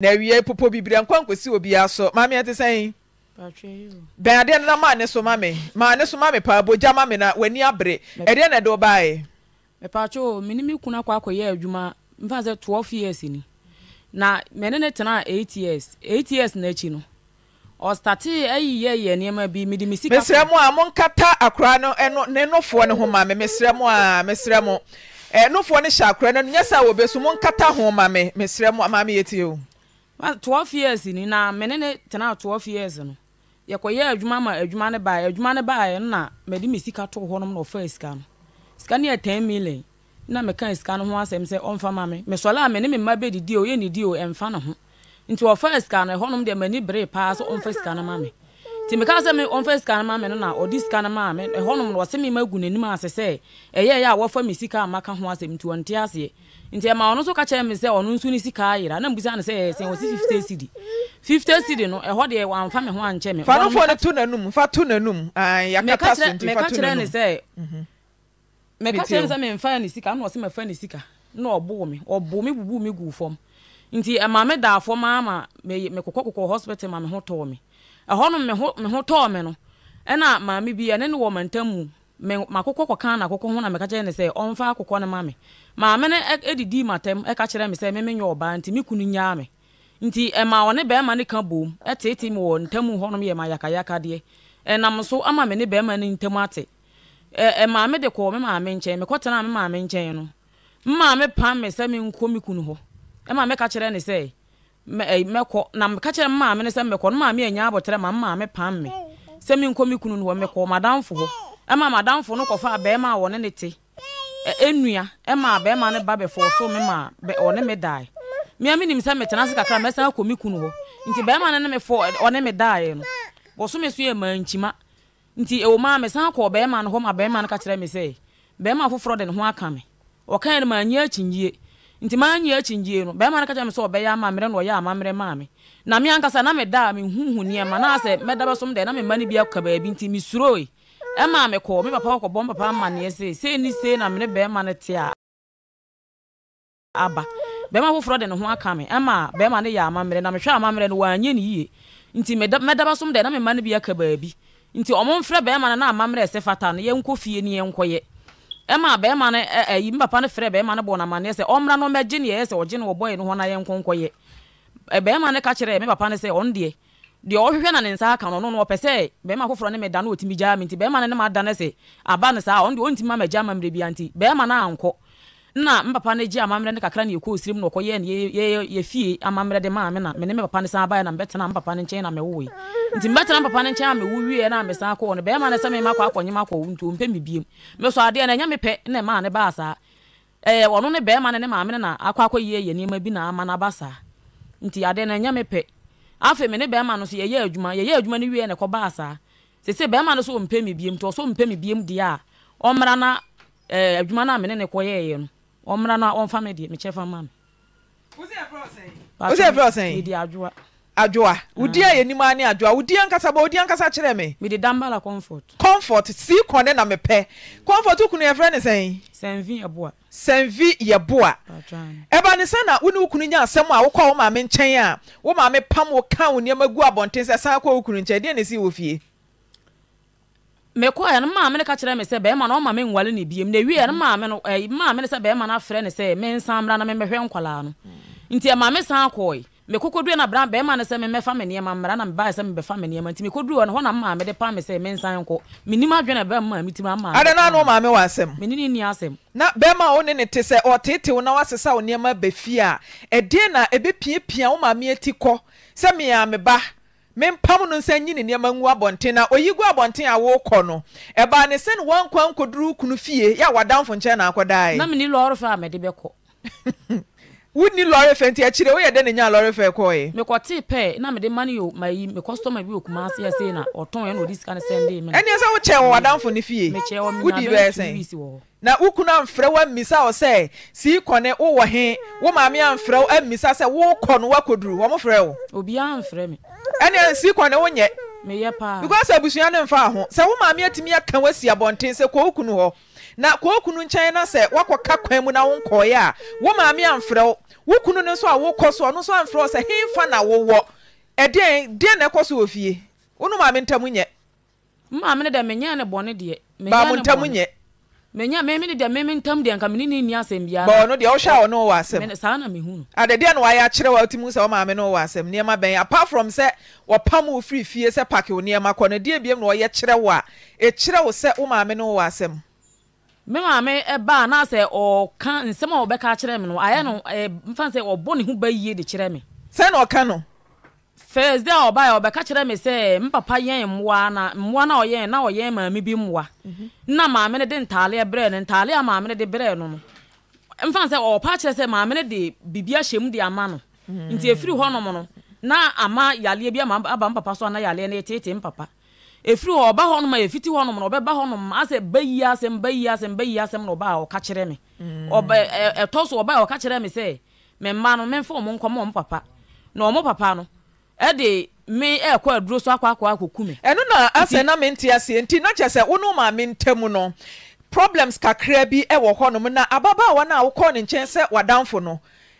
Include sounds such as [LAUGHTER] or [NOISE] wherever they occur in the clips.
na awie popo bibiri nkwa nkwesi obiara so maame ɛte sɛn bɛn adeɛ nana maa ne so maame maa ne so maame paa bogya maame na w'ani abere ɛdeɛ na ɛde ɔbaaɛ. mɛpaatwo mene me kuna kɔ akɔyɛ adwuma sɛ 12 years ni na mene ne tena 8 years 8 years n'akyi no ɔstate yɛ nneɛma bi sika mesrɛ a akora no ɛno ne a mesrɛ ɛnofoɔ no hyɛ akora no nyɛ sɛ a ho mesrɛ maame o Ah, twelve years ni na mene ne tena twelve years no yɛkɔyɛ adwuma ma adwuma ne baa adwuma ne baa yɛn na mɛde mi sika to hɔ nom na ɔfɛ sika no sika ne yɛ ten million na mɛka sika no ho asɛm sɛ ɔmfa ma me mɛsɔle a mene me mma bɛ didi o yɛ ne di o ɛmfa ne ho nti ɔfɛ sika no ɛhɔ nom deɛ m'ani bere paa sɛ ɔmfa sika no ma me nti meka sɛ me ɔmfa sika no ma me no na ɔde sika no maa me ɛhɔ na ɔse me ma gu n'anim ase sɛ ɛyɛ ɛyɛ a wɔfa me sika a maka ho asɛm nti ɔnte aseɛ nti ɛma ɔno nso ka kyerɛ mi sɛ ɔno nso ni sika ayira na mbusa no sɛ ɛsɛn wɔsi fifty cd fifty cd no ɛhɔ deɛ wamfa me ho ankyɛ me. fanofo ne to n'anum fa to n'anum yakata so nti fa to n'anum. mɛka mhm. kyerɛ ne sɛ mɛka kyerɛ ne sɛ mɛnfa ne sika na ɔsi mɛfa ne sika na ɔbo mi ɔbo mi bubu me gu fam nti ɛma me da afɔ maa ma mɛkokɔ kokɔ hospital ma me ho tɔɔ me ɛhɔ no me ho me ho tɔɔ mi no ɛna maame bi ɛne ne wɔ mantam mu mɛ makokɔ kɔkan na akokɔ ho na mɛka kyerɛ ne sɛ ɔmfa akokɔ ne ma me. maame no e, didi matam e ka kyerɛ me sɛ memenyɛ ɔbaa nti me kunu nyaa me nti ɛma e ɔne bɛrima ne ka bom ɛtete me wɔ ntamu hɔnom yɛ ma yakayakadeɛ ɛnam so ama me ne bɛrima no ntam ate ɛmaame de kɔɔ me maame nkyɛn mekɔtena me maame nkyɛn no maame pam me sɛ menkɔ me kunu hɔ ɛma meka kyerɛ ne sɛ mɛkɔ na meka kyerɛ maame no sɛ mɛkɔ no maame anya abɔterɛ ma maame pam me sɛ menkɔ me kunu no hɔ mekɔ madamfo hɔ ɛma madamfo no kɔfa bɛrima a wɔne ne te enua eh, eh, ɛma eh, bɛrima ne ba bɛfɔ so me ma ɔne me daa mmea mi nim sɛ metena ase kakra mɛsan akɔ mi kunu hɔ nti bɛrima ne ne me fɔ ɔne me daa yɛ no wɔso me so yɛ maa nkyima nti ɛwɔ mu a mesan kɔ bɛrima no hɔ ma bɛrima no ka kyerɛ me sɛ bɛrima foforɔ de ne ho aka me ɔka yɛ no maa nyɛ akyinyie nti maa nyɛ akyinyie no bɛrima no ka kyerɛ me sɛ ɔbɛyɛ amammerɛ na ɔyɛ amammerɛ maa me na me ankasa na me daa mehuhu nneɛma na asɛ mɛda bɛsom dɛ na me mma no bi aka baabi nti mesuroe ɛma me kɔ me papa kɔbɔ me papa amanneɛ sei sei ne sei na mene bɛrima no te a aba bɛrima foforɔ de ne ho aka me ɛma bɛrima no yɛ amammerɛ na mehwɛ amammerɛ no wanyɛ ne yie nti mɛdaba som dɛ na mema no bi aka baabi nti ɔmo mfrɛ bɛrima no na amammerɛ ɛsɛ fata no yɛnkɔ fie ne yɛnkɔyɛ ɛma bɛrima no ɛyi me papa no frɛ bɛrima no bɔ no amanneɛ sɛ ɔmmra no ɔmɛgye ne yɛɛ sɛ ɔgye no wɔbɔɛ no hɔ na yɛnkɔnkɔyɛ bɛrima no ka kyerɛ me deɛ ɔhwehwɛ na ne nsa aka no ɔno no ɔpɛ sɛ bɛrima foforɔ ne mɛda no ɔtumi gyaa me nti bɛrima no ne maada no sɛ aba no saa ɔno deɛ ɔntumi amagya amammerɛ bia nti bɛrima no ankɔ na mpapa no gye amammerɛ no kakra ne yɛkɔɔ sirim no ɔkɔyɛ ne yɛfie amammerɛ de maa me na mene me papa no san baɛ na mebɛtena mpapa no nkyɛn na mɛwoe nti mebɛtena mpapa no nkyɛn a mewo wieɛ na mesan kɔɔ no bɛrima no sɛ mema kɔ akɔnyem akɔwo nti ɔmpɛ mebiam mesɔ adeɛ no ɛnyɛ mepɛ na ɛmaa ne baa saa ɔno ne bɛrima no ne maame no na akɔ akɔyɛ yɛ nneɛma bi na ama no aba saa nti adeɛ no ɛnyɛ mepɛ afei me ne bɛrima no so yɛyɛ adwuma yɛyɛ adwuma no wie na ɛkɔbaa saa sese bɛrima no so wɔ mpɛ mi biem nti ɔso mpɛ mi biem deɛ a ɔmmra na ɛɛ eh, adwuma no a me ne ne kɔyɛɛyɛ no ɔmmra na ɔmfa me deɛ mekyɛ fa ma me. wosi ɛfrɛ ɔsɛn. wosi ɛfrɛ ɔsɛn. yɛ ada ah. wodiayɛnim ne aa wodi kasa b odikasa kyerɛ mede dabaa c comfot sii kɔne na mepɛ cɔmfot wokunu yɛfrɛ ne ss yɛ oa n sɛna wone wokun nya sɛm a wokɔ woma me nkyɛn a woma me pam woka wonneɔma gu abɔnten sɛ san kɔ wokn kyɛ denesi wɔ fie mekokɔdua no bra bɛma no sɛ memɛfa me nneɛma mmara na mebaɛ sɛ mebɛfa me nneɛma nti mekɔduru no hɔ na mmaa mede pa me sɛ mensan nkɔ menim adwene bɛma metimi ama ada na ano maame wɔ asɛm mene ne asɛm na bɛrima a wo ne ne te sɛ ɔteete na woasesa wo nneɛma bɛfie a ɛdeɛ na ɛbɛpiapia wo maame ati kɔ sɛ meyɛ me ba mempam no nsa nyi ne nneɛma ngu abɔnten na oyi gu abɔnten a wokɔ no ɛbaa ne sɛ ne wankɔ ankɔduru kunu fie yɛ a wadamfo nkyɛn na akɔdaeɛ na mene lɔɔre fa a mede bɛkɔ [LAUGHS] wúni lɔre fɛ nti akyire woyɛ dɛ ne nya lɔre fɛ kɔɛ. mekɔ tii pɛ na mede mani o ma yi me customer bi o kuma se ɛsɛ na ɔtɔn yɛn na odi sika ne sɛn de mi. ɛni ɛsɛ wo kyɛn wɔ wadanfo ne fie. me kyɛn wɔ mi na bɛ tu wiisi wɔ. na wukunu anfrɛ wa mmisa wɔ sɛ sii kɔnɛ wowɔ he wo maame anfrɛ wo mmisa sɛ wokɔ no wakɔduru wɔn frɛ wo. obiara anfrɛ mi. ɛni sii kɔnɛ wo nyɛ. meyɛ paa. because abusua ne nfa ho sɛ wo maame atumi aka wasi abɔnten sɛ kɔ wokunu hɔ na kɔ wokunu nkyɛn na sɛ wakɔ ka kwan mu na wo nkɔɔeɛ a wo maame anfrɛ wo wo kunu no nso a wokɔ so ɔno nso amfrɛ wo sɛ hemfa na wowɔ ɛdeɛn deɛn na ɛkɔ so wɔ fie wo no maame ntam nyɛ maame no dɛ menyɛ ne bɔne deɛ baamo ntam nyɛ menya meme ne deɛ meme ntam deɛ nka mene ne nni asɛm biara bɔɔ no deɛ wohwɛ a ɔne wowɔ asɛm saa na mehu no adedeɛ na wayɛ akyerɛ wa wotimi sɛ womaame ne wowɔ asɛm nneɛma bɛn apart from sɛ wɔpam wo firi fie sɛ pake wo nneɛma kɔ no deɛ biam na ɔyɛ kyerɛ wo a ɛkyerɛ wo sɛ womaame ne wowɔ asɛm me maame ɛbaa eh, naasɛ ɔka nsɛm a wɔbɛka kyerɛ me no ayɛ no eh, mfa sɛ ɔbɔ ne ho ba yie de kyerɛ me sɛ na ɔka no firsday a ɔba ɔbaɛ ɔbɛka kyerɛ me sɛ mpapa yɛn mmoa na mmoa na a ɔyɛn na ɔyɛn maame bi mmoa mhm. na maame no de ntaaleɛ berɛ no ntaaleɛ a maame no de berɛ no no mfa sɛ ɔɔpa kyerɛ sɛ maame no de biribi ahyɛ mu de ama no mhm. nti efiri hɔ nom no na ama yaleɛ bi ama mpapa so ana yaleɛ no yɛteetee mpapa ɛfiri hɔ ɔba hɔ nom a yɛfiti hɔ nom na ɔbɛba hɔ nom asɛ bayi asɛm bayi asɛm bayi asɛm na ɔba a ɔka kyerɛ me mm. ɛtɔ so ɔba a ɔka kyerɛ me sɛ me mma no memfa ɔmo nkɔ ma ɔmo papa na ɔmo papa no ɛde me ɛkɔ aduro so akɔ akɔ akɔku me ɛno na asɛ na mente aseɛ nti na kyerɛ sɛ wo maame ntam no problems kakraa bi wɔ hɔnom na ababaawa no a wokɔɔ ne nkyɛn sɛ wadamfo no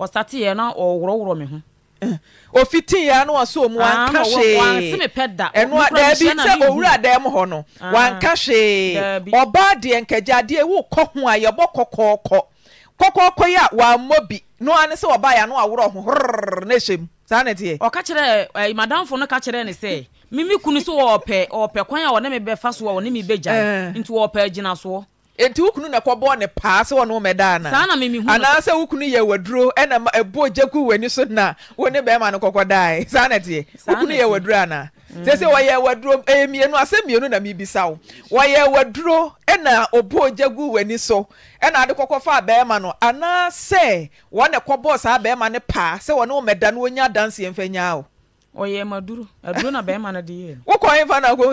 ɔsate yɛ na ɔworɔworɔ me ho eh, ofiti ya no waso omu ah, anka hwee ɛno a daabi sɛ owura dan mu hɔ no ah, wanka hwee ɔbaa deɛ nkagyadeɛ wokɔ ho a yɛbɔ kɔkɔɔkɔ kɔkɔɔkɔ yi a wammɔ bi no ane sɛ ɔbaa yɛ ano aworɔ ho horrr na ɛhyɛ mu saa na teɛ ɔka kyerɛ ɛyi eh, madamfo no ka kyerɛ ne sɛ mimi kunu so wɔɔpɛ ɔɔpɛ kwan a ɔne me bɛfa so a ɔne me bɛgya eh. nti wɔɔpɛ gyina soɔ ɛnti wo kunu no kɔbɔɔ no paa sɛ wɔne omɛda ananaasɛ wo kunu yɛadur nbɔ ya gu'n s nwmaɛ s minabsa wo ɔyɛ [LAUGHS] waduro mm. na ɔbɔɔ gya gu w'ani so ɛna de kɔkɔ faa bɛma no anaasɛ wɔne kɔbɔɔ saa bɛrima no paa sɛ ɔne omɛda no ɔnya adanseɛmfanyaawokɔfanu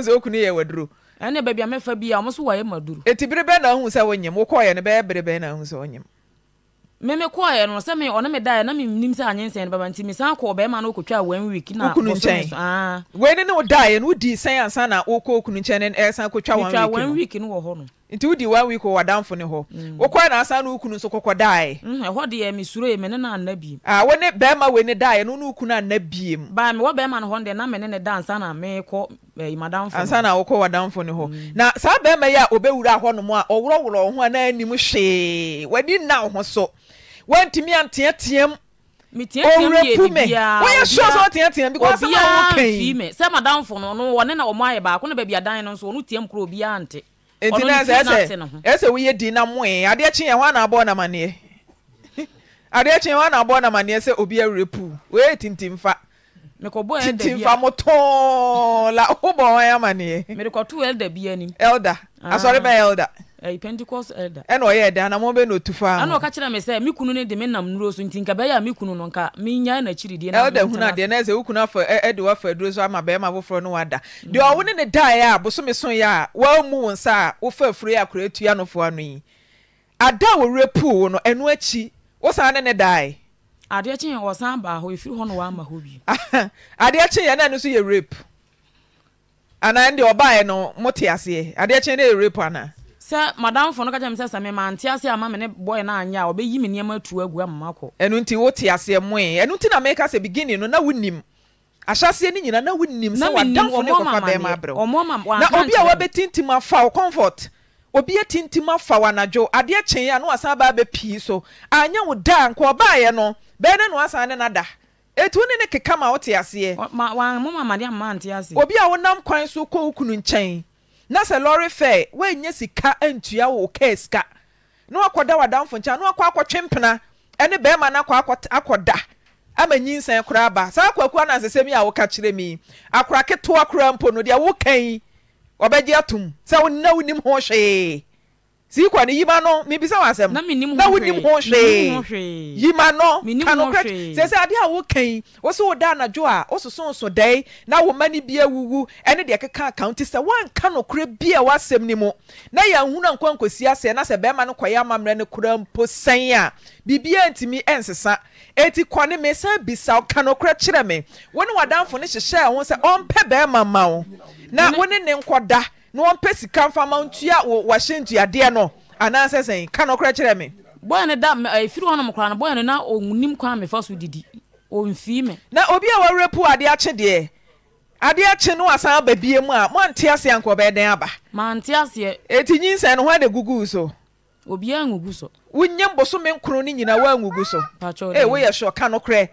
sɛ wonyɛ adur ɛne baabi a mɛfa bi a ɔmo so wɔyɛ maduro ɛti bere bɛn na ahu sɛ wonyim wokɔɔyɛ no bɛyɛ bere bɛn na ahu sɛ wonyim meme kɔɔyɛ no sɛ me ɔne me daeɛ na menim sɛ anyensɛn no baba nti mesan kɔɔ bɛrima no wokɔtwaa one week na wokunu nkyɛn wei ne ne wo daeɛ no wodii sɛn ansa na wokɔ okunu nkyɛn no ɛsan kɔtwa one week no wɔ hɔ no nti wodi one week wɔ adamfo ne hɔ mm. wokɔɛ na asan no wokunu nso kɔkɔ daeɛ mm, ɛhɔ deɛ mesuro yɛ mene no anna biem a ah, wone bɛrima wei ne daeɛ no ne wokunu anna biem baa mewɔ bɛrima no hɔ deɛ na mene ne da ansa na mekɔ eh, madamfo ansa na wokɔ wadamfo ne hɔ mm. na saa bɛrima yi a obɛwura hɔ nom a ɔworɔworɔ wo ho a na anim hwee w'ani nna wo ho so woantumi anteateam wɔyɛ sure sɛ ɔteatea bi kɔsɛ ma wo kɛi sɛ madamfo no no wɔne na ɔmo ayɛ baako ne baabi adan no nso ɔno tiam kora obiaa nte nti na sɛ ɛsɛ ɛsɛ di na moe adeɛ kye yɛn hɔ ana abɔ namaneɛ [LAUGHS] adeɛ kye yɛn hɔ ana abɔ namaneɛ sɛ obi awurɛ puu woyɛ tintimfa tintimfa mo tɔɔ la wobɔ wɔn amaneɛ elda asɔre bɛ elda ɛyi eh, pentecost elder. ɛna ɔyɛ ɛdan na mo bɛ na fa. ɛna ɔka kyerɛ mi sɛ mi kunu ne de mi nam nuro so nti nka a mi kunu no nka mi nya hun adeɛ n'ɛsɛ o kunu afɔ ɛde aduro so ama bɛrima foforɔ no wada mm. deɛ ɔwo ne ne daa yɛ a bosomi so yɛ nsa a wofa afuro yɛ akora etu yi ada a wɔwura no akyi wosan ne ne daa yɛ. adeɛ kyen ba efiri hɔ na [LAUGHS] so yɛ rape deɛ ɔbaa yɛ no mo te rape adawote asemotinmkasɛ beini nona wonim ahyase no nyina na wonisɛwdaaarɛn obia wobɛtintim afaw cɔmfort obia tintim afaw anadwo ade kyeeɛ nsa baabɛpii so ayɛ wo daa nkbaɛ no bɛɛ ne noasa ne noda tu ne no kekama wote aseɛob wonam kwan so kɔ kun nkyɛn na sɛ lɔre fɛ woanya sika antua wo kaa sika na wakɔda wadamfo nkyɛn na wakɔ akɔtwe mpena ne bɛrima no akɔ akɔda ama nyinsɛn koraa ba saa akwakuo no asesɛm yi a woka kyerɛ mi akora ketewa koraa mpo no deɛ woka yi ɔbɛgye atom sɛ wonna wonim ho hwee sii kɔ ne yima no mibisa wa asɛm na wonim ho hwee yima no kanokorɛ sɛ sɛ adeɛ a woka yi wo sɛ woda anadwo a wososonso dɛe na wo ma no bi awuwu ɛne deɛ keka aka nti sɛ woanka nokorɛ bi a woasɛm no mu na yɛahunu nkɔ nkɔsi asɛ na sɛ bɛrima no kɔyɛ amammerɛ no kora mpo sɛn a biribia ntumi ɛnsesa eti kɔ ne me san bisa ka nokorɛ kyerɛ me wo ne wadamfo no hyehyɛɛ ho sɛ ɔmpɛ bɛrima ma wo na wo ne ne nkɔda na wɔmpɛ sika mfama ntua wɔahyɛ ntuadeɛ no anaasɛ sɛn ka no korɛ kyerɛ me bɔyɛ ne da ɛfiri eh, hɔ nom koraa no bɔyɛ no na ɔnim kwan mefa so didi ɔmfii me na obi a wɔwerɛ po adeɛ akye deɛ adeɛ akye no asan aba bie mu a moante aseɛ anka ɔbɛyɛ dɛn aba mante aseɛ ɛti nyinsɛn no ho ade guguu so obiaa ngugu so wonyɛ mbosome nkron no nyinaa woangugu so ee woyɛ sɔ ka no korɛ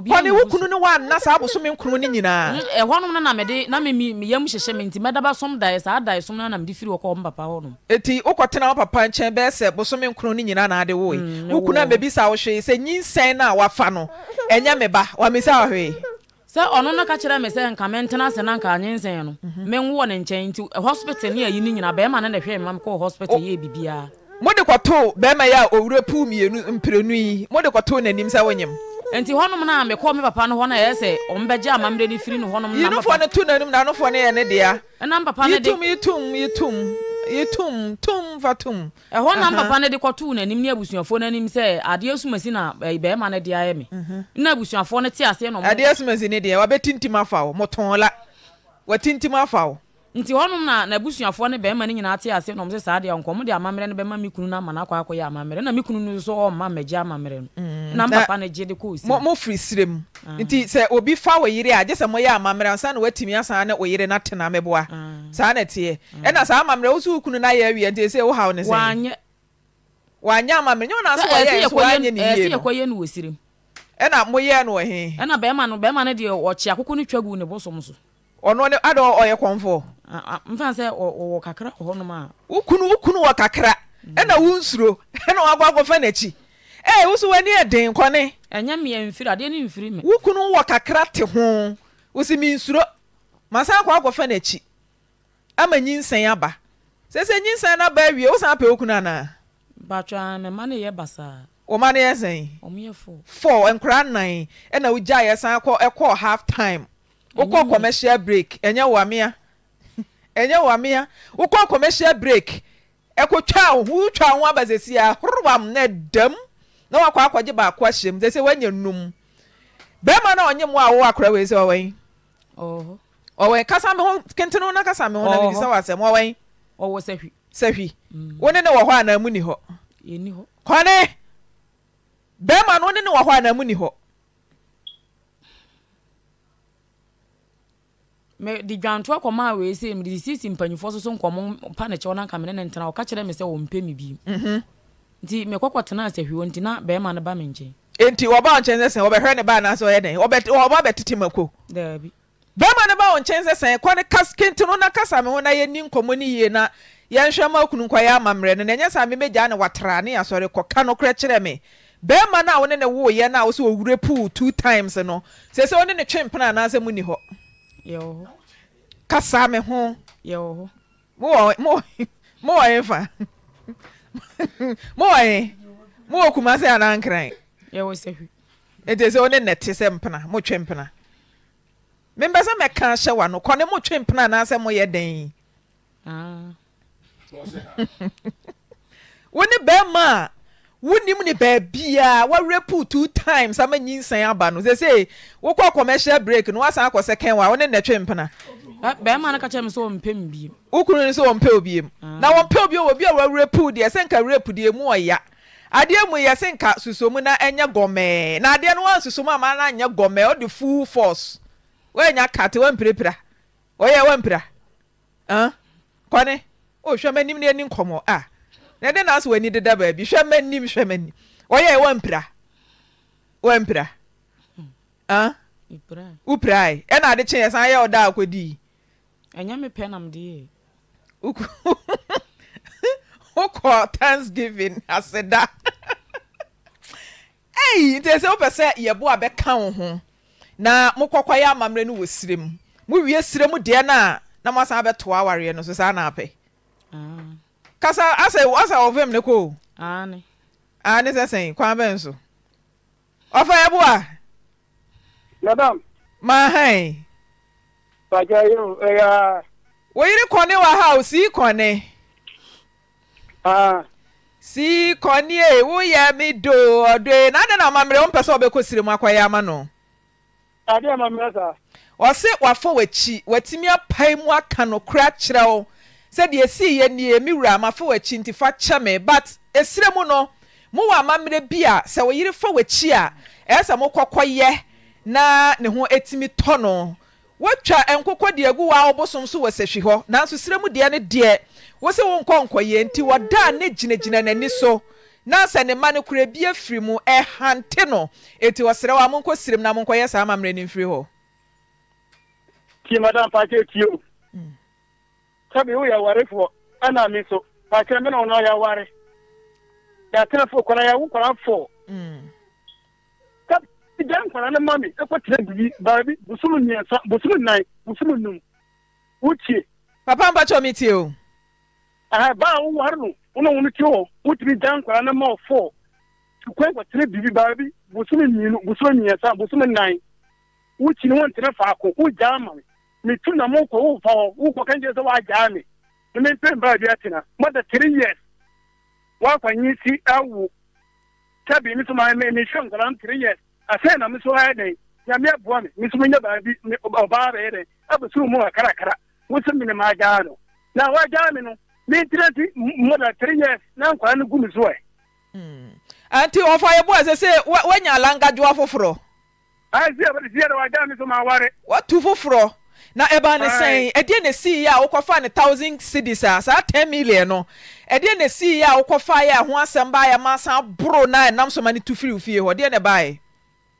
kɔni wo kunu ne wa nna saa abosom nkunu ne nyinaa. ɛhɔnom mm, eh, na na mɛde na mɛ mi mi yam hyehyɛ mi nti mɛdaba som da yɛ saa da yɛ som na na mɛ de firi wɔkɔ ɔmo papa hɔnom. eti wokɔ tena wɔ papa nkyɛn bɛɛ sɛ bosom nkunu ne nyinaa na ade mm, wo yi wo kunu a mɛbi sa ɔhwɛ yi sɛ nyinsɛn na wafa no ɛnyɛ mɛ ba wa mɛ sa ɔhwɛ yi. sɛ ɔno no ka kyerɛ me sɛ nka mentena ase na nka anyensɛn no mhm. menwowɔ ne nkyɛn nti eh, hospital ne ayi no nyina bɛrima no na hwɛ mma mekɔɔ hospital yɛ biribiaa mode kɔtoo bɛrima yɛ a ɔwura puu mmienu mprɛnu yi mode kɔtoo n'anim sɛ wonyem nti hɔnom no a mekɔ me papa no hɔ no ɛyɛ sɛ ɔmbɛgye amammerɛ no firi no hɔnom yinofoɔ no to n'anim na no yɛ ne dea ɛnam papa no detum yitum yitum yitum tum fa tum ɛhɔ nam papa no de kɔtoo n'anim ne abusuafoɔ no anim sɛ adeɛ sumasi na bɛrima no de ayɛ me mhm. na abusuafoɔ no te aseɛ no adeɛ ne deɛ wabɛtintim afa wo motɔn la watintim afa wo nti hɔnom na n'abusuafoɔ ne bɛrima no nyinaa ate ase nom sɛ saa deɛ ɔnkɔ de amammerɛ no bɛma me kunu no ama akɔ ya amammerɛ na me kunu no so ɔmma amammerɛ no mm. na mpapa no gye de kɔɔ si mofiri sire ah. nti sɛ obi fa wo a gye sɛ moyɛ amammerɛ ansa na woatumi ne ah. saa na teɛ ah. ɛna saa amammerɛ kunu nti ne sɛ wanyɛ amammerɛ nyɛ mfa sɛ wɔwɔ kakra wɔ hɔnom a wokunu wokunu wɔ kakra mm. ɛna wo nsuro ɛna wakɔ akɔfa n'akyi ee woso w'ani ɛden kɔne ɛnyɛ mmeɛ mfiri adeɛ ne mfiri m. wokunu wɔ kakra te ho wosi mi nsuro masa akɔ akɔfa n'akyi ama nyinsɛn aba sɛ sɛ nyinsɛn no aba awie wosan apɛ wokunu anaa batwa mɛma no yɛ basaa wɔma no yɛ sɛn ɔmoyɛ fo fo nkora nan ɛna wogyaeɛ san kɔ ɛkɔɔ half time wokɔ commercial break ɛnyɛ wɔ amea ɛnyɛ wamea wokɔ kommɛcial break kɔtwahotwaw ho abasɛsia horowam na adam na wakɔakɔgye baakoahyɛm ssɛ wanya num bɛima no ɔnyem wowoakrai sɛ amhketeoo no kasam hobisa wsɛmsw wone ne wɔ hɔ anamni hɔn ɛma nowonene w hɔ anamni hɔ mdedwantoa kɔmaa s mdesesi mpanyimfo soso kɔka kerɛmsɛɔpɛtimtenasman kɛee ksɛ skte o nakasa m honi nkɔmɔna ɛhɛma kn ɛ maɛoyɛsamanewatranesɔreɔa nkkyerɛ me bma nwone ne woɛ ɔwr p t tims no ɛsɛ onene te mpeanasɛ muni hɔ kasaa me ho moɔfmo moɔ kma sɛnankratsɛ wone nɛte sɛ otwe memɛ sɛ mɛka hyɛ wa no kɔne motwe pea naasɛ moyɛ danwone ah. [LAUGHS] baimaa wonim ne baabia wɔwerɛ poo two times ama nyinsan aba no sɛ sei wokɔ commercial break no woasan akɔ second wa wo ne nnɛtwe mpena bɛrima no ka kyerɛ me sɛ ɔmpɛ m biem wokunu no sɛ ɔmpɛ obiem ah. na wɔmpɛ obiem wɔ bi a wɔwerɛ poo deɛ sɛ nka werɛ poo deɛ mu ɔya adeɛ mu yɛ sɛ nka susomu na ɛnyɛ gɔmɛɛ na adeɛ no wansusomu ama na nyɛ gɔmɛɛ ɔde full force wɔanya kate wampirapira wɔyɛ wampira kɔne ɔhwɛ m'anim ne ani nkɔmmɔ a ah. na ɛde na asɛ w'ani deda baabi hwɛ ma nim hwɛ ma nim wɔyɛ wampira wampira hmm. ah? wopirae ɛna ade kye ɛsan yɛ ɔda akɔdii ɛnyɛ mepɛ nam deɛ [LAUGHS] wokɔ thanksgiving aseda [LAUGHS] ei nti sɛ wopɛ sɛ yɛbo a bɛka wo ho na mokɔkɔyɛ amammerɛ no wɔ sire mu mowie sire mu deɛ no a na moasan bɛtoa awareɛ no so saa na apɛ ah. kasa asa asa wɔ fam ne ko aane aane sɛ sɛn kwan bɛn so ɔfa yɛ boa madam maa han pàjá yóò ɛyà. E wo yiri kɔni wa ha o sii kɔni. aa. sii kɔni e wo yɛ mi do ɔdo ye n'ade na amamire o mpɛ sɛ ɔbɛkɔ siri mu akɔyɛ ama no. ade amamire sa. ɔsi wafɔ w'akyi w'atimi apa mu aka no kura kyerɛw. sɛdeɛ esi yɛ nie mi wura ama fa w'akyi nti fa kyɛ me but esire mu no mo wɔ amammerɛ bi a sɛ wɔyere fa w'akyi a ɛyɛ mo kɔkɔ yɛ na ne ho etimi tɔ no watwa nkokɔ deɛ gu wɔ a ɔbosom so wɔ sɛhwi hɔ nanso sire mu deɛ ne deɛ wɔsi wɔn nkɔ nkɔyɛ nti wɔdaa ne gyinagyina n'ani so na sɛ ne ma no kura bi afiri mu ɛhante no eti wɔsrɛ wɔ a mo nkɔ sire na mo nkɔyɛ saa amammerɛ no mfiri hɔ. tie madam pake tie o. sabi wo yaware foɔ ana mi so paakyɛ mena wo na ya yɛatena fo kwara yɛwo kwara foɔ gya nkwara ne ma me ɛkɔ tena bibi baabi bosom mmiɛnsa bosom nnan bosom wotie papa mpa kyɛ tie o baa woware no wona wo no tie hɔ wotumi gya nkwara ne ma wo foɔ kɔtena bibi baabi bosom mmienu bosom mmiɛnsa bosom nnan no wontena faako wogyaa ma me metu na mokɔ wofɔ hɔ wokɔ ka nkyerɛ sɛ woagyaa me na mempɛ mbaa bi atena mada three years woakwanye si awo sɛbi me so mehwɛ nkɔla no three years asɛn na me so ayɛ dɛn nyame aboa me me so menya baabi ɔbaa bɛyɛ dɛn abɛsoro mu kakrakra wo sɛ mene maagyaa no na woagyaa me no mentena nti mada three years na nkɔla no gu me so ɛ nti ɔfa yɛ bo a sɛ sɛ woanya alankadwoa foforɔ ɛsɛ ɛbɛde sie dɛ woagyaa me so maaware watu foforɔ na ɛba ne sɛn na esi yɛ a wokɔfa ne thousand a saa ten million no ɛdeɛ na esi ya a wokɔfa a ho asɛm yɛ boro na ɛnam so ne tu firi fie na mi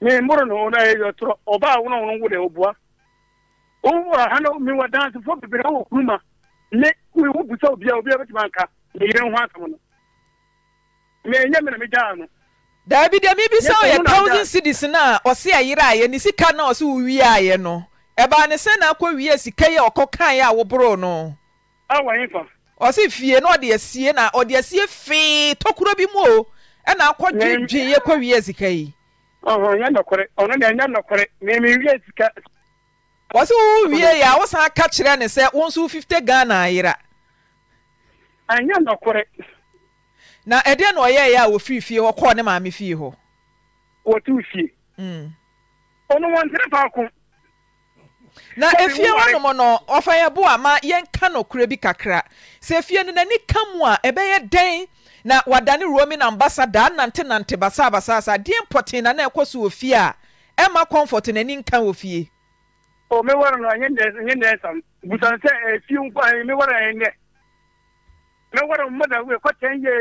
ɔna yɛ a wɔn wɔ dɛ ɔbua wɔn ha na mi wɔ dansi fo ne busa obi a obi a bɛtuma nka ne yɛrɛ ho asɛm no mɛ na mi gyaa no. daabi deɛ na ɔsi ayira ayɛ ne sika na ɔsi wuwi ayɛ no. ɛbaa ne sɛ na akɔ wie sika yi a ɔkɔ kan yɛ a woboro no. awa yin fa. ɔsi fie na ɔde asie na ɔde asie fii tɔkuro bi mu o ɛna e akɔ dwindwin yɛ kɔ wie sika yi. ɔhɔ nyɛ nɔkɔrɛ ɔno deɛ nyɛ nɔkɔrɛ mɛmi wie sika. wɔsi wo wie yɛ a wosan aka kyerɛ ne sɛ wɔn nso fifty ghana ayera. anyɛ nɔkɔrɛ. na ɛdeɛ na ɔyɛ yɛ a wofi fie hɔ kɔɔ ne maame fie hɔ. wɔtu fie. Mm. ɔno wɔn ntɛrɛ faako. na efie hɔnom no ɔfa yɛ bo a ma yɛnka nɔkorɛ bi kakra sɛ efie no n'ani ka mu a ɛbɛyɛ dɛn na wadane roman ambassador anante nante basaabasa saa deɛ mpɔtee na na ɛkɔ so wɔ fie a ɛma comfort n'ani nka wɔ fie. o oh, mi wɔrɔ na nye nɛ nye nɛ sam busan sɛ efi eh, nkwa mi wɔrɔ yɛ nɛ mi wɔrɔ mo da wɛ kɔ ten yɛ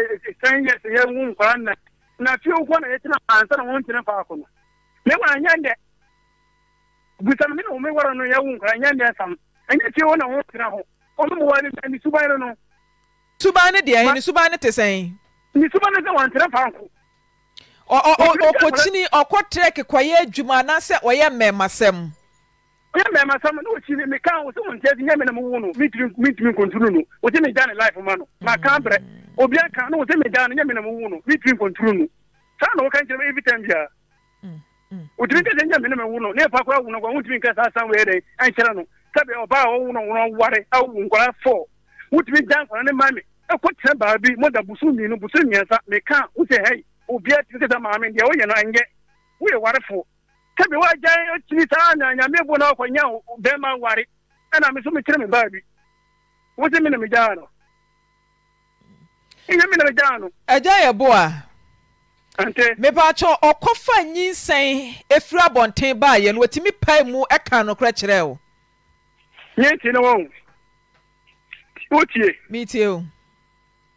ten yɛ sɛ yɛ ŋun nkɔla nɛ na fi nkwa na yɛ tena ansa na ŋun tena faako na mi wɔrɔ nye nɛ. busam hena wɔn wara no yɛ wo nkora nyɛ deɛ sam o tie wɔn na wɔn tena ho ɔno mu wɔn ne suban no no. suban ne deɛ ne suban ne te sɛn. ne suban sɛ wɔn tena faako. ɔkɔkyini ɔkɔ trek kɔyɛ adwuma anaasɛ ɔyɛ mmɛmasɛm. ɔyɛ mmɛmasɛm na ɔkyini mi kan wɔsɛ wɔn nkyɛn nyɛ mi na mo wo no mi tiri mi tiri nkonturu no wɔsɛ mi gya ne life ma no ma kan brɛ obi aka na wɔsɛ mi gya no nyɛ mi na mo wo no mi tiri nkonturu no saa na wɔka nkyɛn mi every time biara. wotumi nkasa e e, nya e mene mewo no na ɛfa kora wo no kwa wontumi nka saa san wei dɛn ɛnkyerɛ no sɛbɛ ɔbaa a ɔwo no wo no ware awo nkwaraa wotumi gya ne ɛkɔ tena busu mmienu busu mmiɛnsa meka wo sɛ hɛi tumi sɛ maame deɛ woyɛ no mebɛakyɛ ɔkɔfa nyinsɛn efiri abɔnten baayɛ no wetumi pae mu ɛka nokorɛ kyerɛɛ wo nyɛnti no wɔ wotie metie o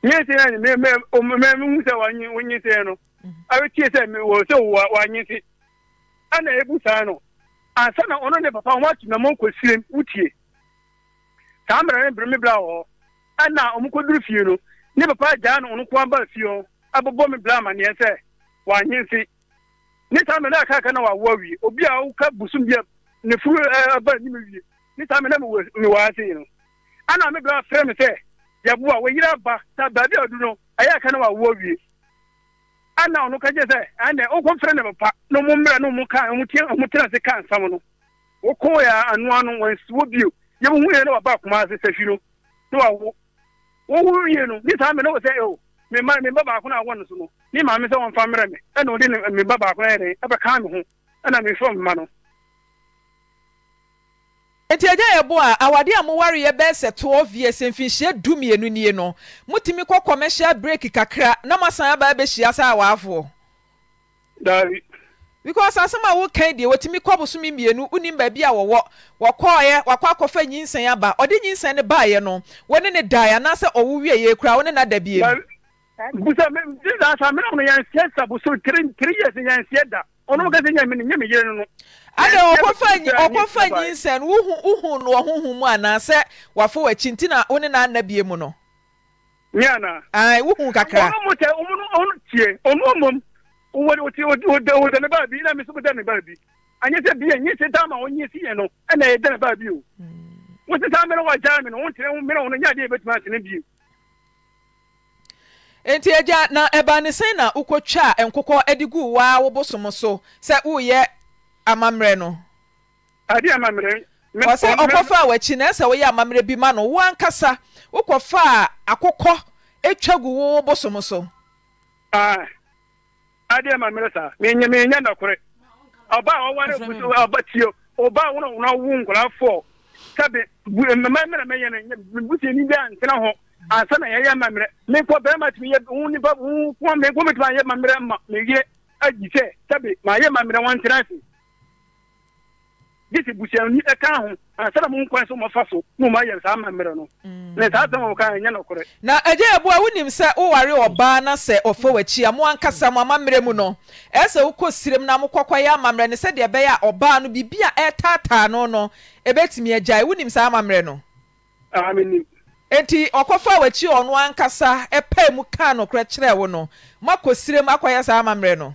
nyɛnti mehu sɛ wonyinsɛn no mhm. awɛtie sɛ wɔ sɛ ana saa no ansa na ɔno ne papa ho ato namɔ nkɔsirem wotie saa mmara no berɛ me bra wɔ hɔ ɛna fie no ne papa no ɔno fie hɔ abobɔ me bla amanneɛ sɛ wanye nse ne saa me na aka aka na wawoa wie obi a woka busom bia ne furu eh, aba anim wie ne saa me na mewɔ ase yi no ana me bra frɛ me sɛ yɛboa wɔyere aba na baabi a ɔdu no ɛyɛ aka na wawoa wie ana ɔno ka gye sɛ ɛnɛ wokɔmfrɛ ne papa na ɔmo mmerɛ na ɔmo tena ase ka nsam no wokɔɔ yɛ anoa no wɔnsiwɔ bio yɛmohu yɛ na waba akoma ase safi no na wawo wowu wie no ne saa me na wɔ sɛ me ma baako na awɔ no so no ne maame sɛ wɔmfa mmerɛ me ɛna ɔde me baako no yɛ ɛbɛka me ho ɛna mefa mma no nti agya yɛ bo a awade a mowareɛ bɛɛ sɛ toɔ vies mfinhyia du nie no motumi kɔ commercial break kakra na moasan aba bɛhyia sɛ awaafoɔ daabi because asɛm a wokan deɛ wɔtumi kɔ bosome mmienu wonim baabi a wɔwɔ wɔkɔɔyɛ wakɔ akɔfa nyinsɛn aba ɔde nyinsɛn no baeɛ no wɔne ne dae anaasɛ ɔwo wieɛ koraa wo na da biem busa sisan sa mina kɔnɔ yan fiyɛ sa buso tiri tiri yɛ se yan fiyɛ da ɔno ka se ɲɛmi ni ɲɛmi yɛrɛ ninnu. ale ɔkɔfɛ ɔkɔfɛ nyinsɛn wuhu wuhu wɔ huhu mu anaasɛ wafɔ wɔ akyi nti na wo ne na anabie mu no. nyana. ayi wuhu kakra. ɔno mu tɛ ɔno ɔno tie ɔno mu wɔde wɔde wɔde wɔde wɔde ne baabi ina mi so wɔde ne baabi anyi sɛ bi yɛ nyi se taama wɔn nyi si yɛ no ɛna yɛ de ne baabi o. wɔsi saa mɛrɛ wɔ agya mi no wɔn tɛ mɛrɛ wɔn nyɛ adeɛ bɛtuma nti agya na ɛbaane sɛn na wokɔtwa a nkokɔ de gu waa wo bosom so sɛ woyɛ amammerɛ no ɔ sɛ a w'akyi na ɛsɛ woyɛ amammerɛ bi ma no wo ankasa wokɔfaa akokɔ twa gu wo bosom so adeɛ ma saa menyɛ menyɛ nɔkore ɔba a ɔware tio ɔba a wono wono wo nkɔlaafoɔ mɛyɛ no bi antena ho ansa na yɛyɛ ya mekɔ bɛrima tumi yɛ wo nipa wo metumi ayɛ ma agyi sɛ sɛbe maayɛ wɔntena busuani ɛka ho ansa na monkwan mɔfa so na saa no saa sɛm a ɛnyɛ nokorɛ na agye wonim sɛ woware ɔbaa na sɛ ɔfa w'akyi a mo ankasa mo amammerɛ mu no ɛɛ sɛ wokɔ sirem na mokɔkɔyɛ amammerɛ no sɛdeɛ ɛbɛyɛ a ɔbaa no biribi a ɛɛtaataa e no no ɛbɛtumi e agyae wonim saa amammerɛ no nti ɔkɔfa w'akyi ɔno ankasa ɛpɛ mu kaa nokorɛ kyerɛ wo no sire mu akɔyɛ saa amammerɛ no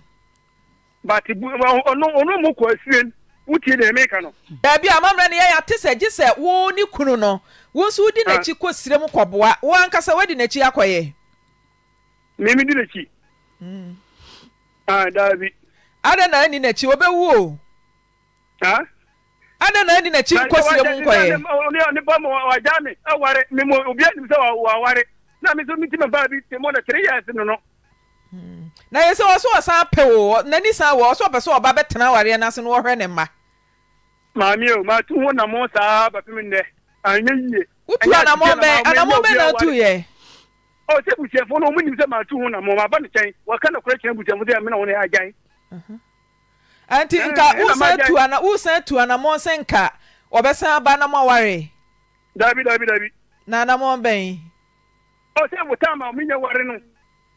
but ɔno mu kɔ asire wotie deɛ meka no daabi amammerɛ no yɛyɛ ate sɛ gye sɛ wo ne kunu no wo nso wodi ah. n'akyi kɔ sire mu kɔboa wo ankasa woadi n'akyi akɔyɛ memedi n'akyi hmm. ah, daabi adɛ na ani n'akyi wobɛwu o ah? ada na ɛdi n'akyi nkɔyɛ. mu mi ɛware mi mu obi anim sɛ ɔware na mi nso mi ti ma mu na three years no hmm. na yɛ sɛ ɔso ɔsan pɛ n'ani san wɔ ɔso ɔpɛ sɛ ɔba bɛtena awareɛ n'ase no wɔhwɛ ne mma. maame o maa tu na saa bapem nnɛ anyɛ yie. wotu anamɔ bɛɛ anamɔ na tu yɛ. ɔ busuafo no ɔmo nim sɛ maa tu na mo ba ne kyɛn wɔka na kora kyerɛ busuafo na nti eh, nka wosan tu ana wosan tu anamọ nsị nka ọbẹsan aba anamọ awari. dabi dabi dabi. na anamọ bẹn. ọ sị wụ taa ma mi nye wari nù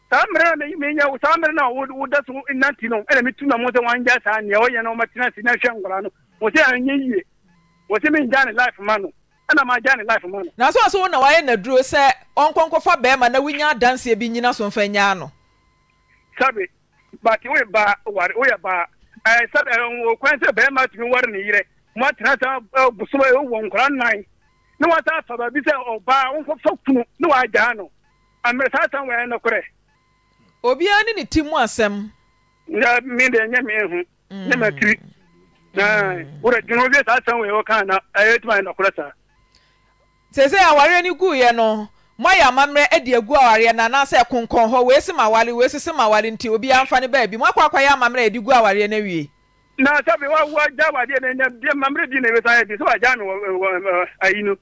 saa mmerɛ na mi nye saa mmerɛ na woda so nante no ɛna mi tu na mo sɛ wɔn gya saa nea ɔyɛ na wɔn tena si na hwɛ nkwaraa no wɔ sɛ nye yie wɔ sɛ mi gya ne laafi ma no ɛna ma gya ne laafi ma no. na so so na wayɛ na duro sɛ ɔnkɔnkɔfa bɛrima na winya adanseɛ bi nyina so nfa nyaa no. sabi baati o yɛ baa wari o baa. ọ eh, eh, sɛ bɛrima tumi ware ne yerɛ moatena eh, saa bosoma ɛwɔ nkora nnan na wasa afa baabi sɛ ɔbaa wonkɔfa kunu na waagyaa no ya saa san wɔɛ nokorɛ obiara ne ne ti mu asɛm na me deɛ nyɛ me hu mm. nyɛ matiri mm. wodɛ dwene wie saa san wɔɛ wɔkaa na ɛyɛ tumi ayɛ saa sɛ sɛ awareɛ no no moayɛ amammerɛ de agu awareɛ anaasɛ hɔ ma wale weesi si ma wale nti obi amfa ne baabi moakɔ akɔyɛ amammerɛ yɛde gu awareɛ no awie na sɛbi wagya awadeɛ no nya deɛ mammerɛ di na ɛbɛsa yɛ di sɛ wagya me ayi no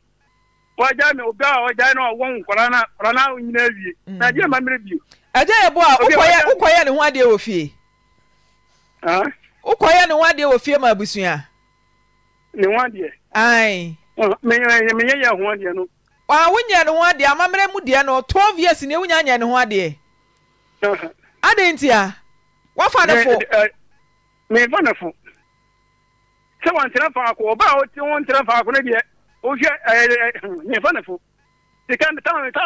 wagya me obi a wagya no ɔwɔ nkɔra no kɔra no awie na deɛ mammerɛ bio yɛ bo a wokɔyɛ ne ho adeɛ wɔ fie wokɔyɛ ne ho adeɛ wɔ fie ma abusua ne ho adeɛ menyɛ yɛ ho adeɛ no wonyɛ ne ho adeɛ amammerɛ mu deɛ no years ne ne ho adeɛ [LAUGHS] a woafa ne fo eh, ne fo sɛ faako faako deɛ eh, eh, hmm, ne fo sika mu sɛ sika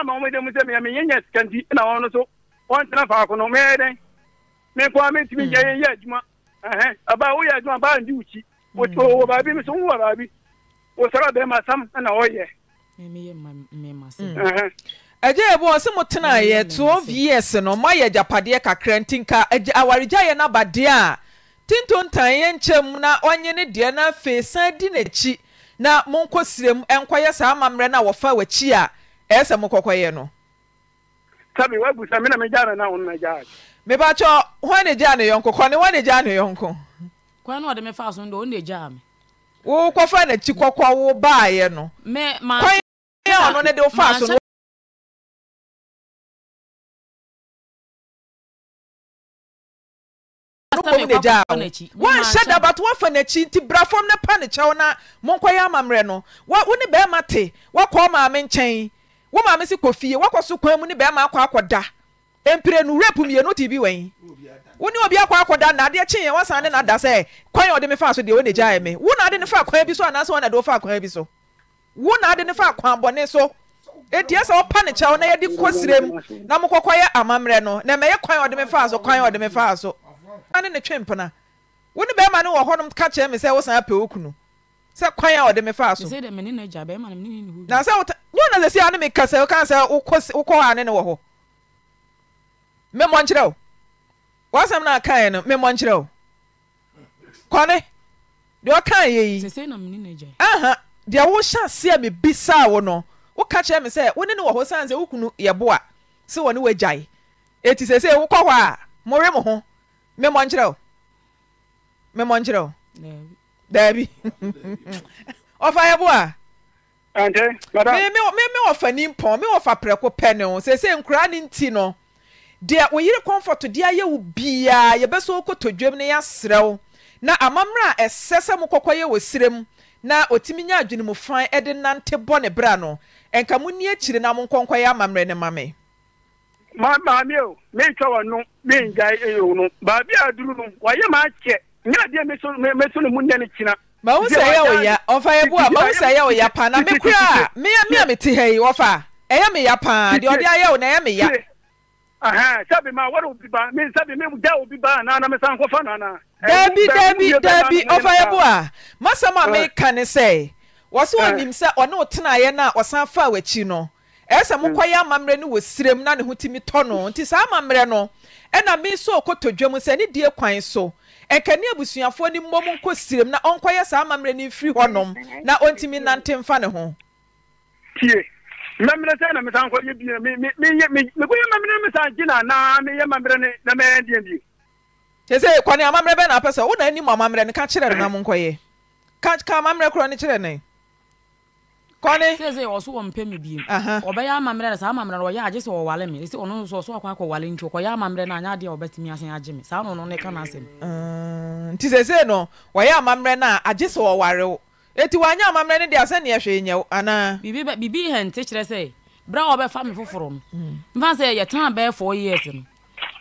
nti na wɔn no faako no mɛyɛ dɛn mekoa mɛtumi hmm. yɛ yɛ adwuma aba woyɛ adwuma baa ndi hmm. wo wɔ baabi so baabi sam agya abowɔ sɛmo tenayɛ toɔ biiɛ se mm. no maayɛ agyapadeɛ kakra nti nka awaregyaeɛ no badeɛ a tintom ntae yɛ nkyɛm na ɔnye ne deɛ no afei san di nakyi na monkɔsirem ɔnkɔyɛ saa ama mmerɛ no wɔfa w'akyi a ɛɛ sɛ mokɔkɔyɛ nomebakyɛ hɔ ne gya ne yɔnk kne ne gya ne yɔnk wo kɔfa nakyi kɔkɔ wo baaeɛ no yɛ ɔno ne de wo faa so no wanhyɛ da bato wafa n'akyi nti bra fam no pa ne kyɛw na monkɔyɛ amammerɛ no wo ne bɛrima te woakɔ maame nkyɛn wo maame se kɔ fie woakɔ so kwan mu ne bɛrima akɔ akɔda mprenu rep mmienu te bi wɔn wo ne obi akɔ akɔda na adeɛ kyeeɛ wasan ne na da sɛ kwan a ɔde me faa so deɛ wo ne gyae me wo na ade ne fa kwan bi so anaasɛ wɔn na de wo fa kwan bi so. wo naade no fa kw abɔne so tiasɛ wopa no kyɛwo na yɛde kɔ sirɛ m na mokɔkɔ yɛ amaɛ ɛwone bɛma nɔhɔka kɛ sɛwospɛsɛ amɛɛeɛa deɛ wohyɛ ase a mebisaa wo no woka kyerɛ me sɛ wone ne wɔ hɔ sane sɛ wokunu yɛboa sɛ wɔne woagyae ɛti sɛ sɛ wokɔ hɔ a more mo ho memmɔ nkyerɛ wo memmɔ nkyerɛ wo daabi [LAUGHS] ɔfa yɛboa mewɔ fa nimpɔn mewɔ fa prɛko pɛ ne ho sɛ nkoraa ne nti no deɛ wo yere de ayɛ wo biaa yɛbɛsɛ wokɔtɔ no yɛaserɛ wo na amammerɛ a ɛsɛ sɛ mokɔkɔ yɛ wɔ sirem na ɔtumi nya adwene mu fan de nante bɔ ne bra no ɛnka monni akyiri na mo nkɔnkɔyɛ amammerɛ ne ma me ma maame o mentwa wɔ no mengyae ɛyɛw no baabi a aduru no wayɛ ma akyɛ nyɛ adeɛ mɛso no mu nnɛ no kyina mahu sɛ ɛyɛ wo ya ɔfa yɛ bo a mahu sɛ ɛyɛ wo ya paa na me kora a me a mete ha yi wɔfa ɛyɛ me ya paa deɛ ɔde ayɛ wo na ɛyɛ me ya sɛbi ma wɔde obi ba sɛbi megya obi ba anaa na mesan kɔfa no anaa Dabi dabi dabi ɔfa a masɛm a meka ne sɛ wɔ se wɔnim sɛ ɔne no a ɔsan faa w'akyi no ɛɛ sɛ mokɔyɛ amammerɛ no wɔ na ne ho tumi tɔ no nti saa amammerɛ no ɛna me nso ɔkɔtɔdwa sɛ ne die kwan so ɛnkɛne abusuafoɔ no nkɔ sirem na ɔnkɔyɛ saa amammerɛ no mfiri hɔnom na ɔntumi nante mfa ne ho sɛ na mesan anaa meyɛ na deɛ ɛsɛ kwane amammerɛ bɛ na apɛ sɛ wona anim amammerɛ no ka kyerɛ no na mo nkɔyɛ ka ka amammerɛ korɔ no kyerɛ ne kɔne sɛ sɛ ɔso wɔ mpɛ me biem ya amammerɛ no saa amammerɛ no ɔyɛ agye sɛ ɔwale me ɛsɛ nti ɔkɔyɛ mm, no wɔyɛ amammerɛ no a agye sɛ ɔware wo ɛti wɔanyɛ amammerɛ no deɛ nyɛ wo kyerɛ sɛ berɛ a me foforɔ no mm. mfa sɛ bɛɛ no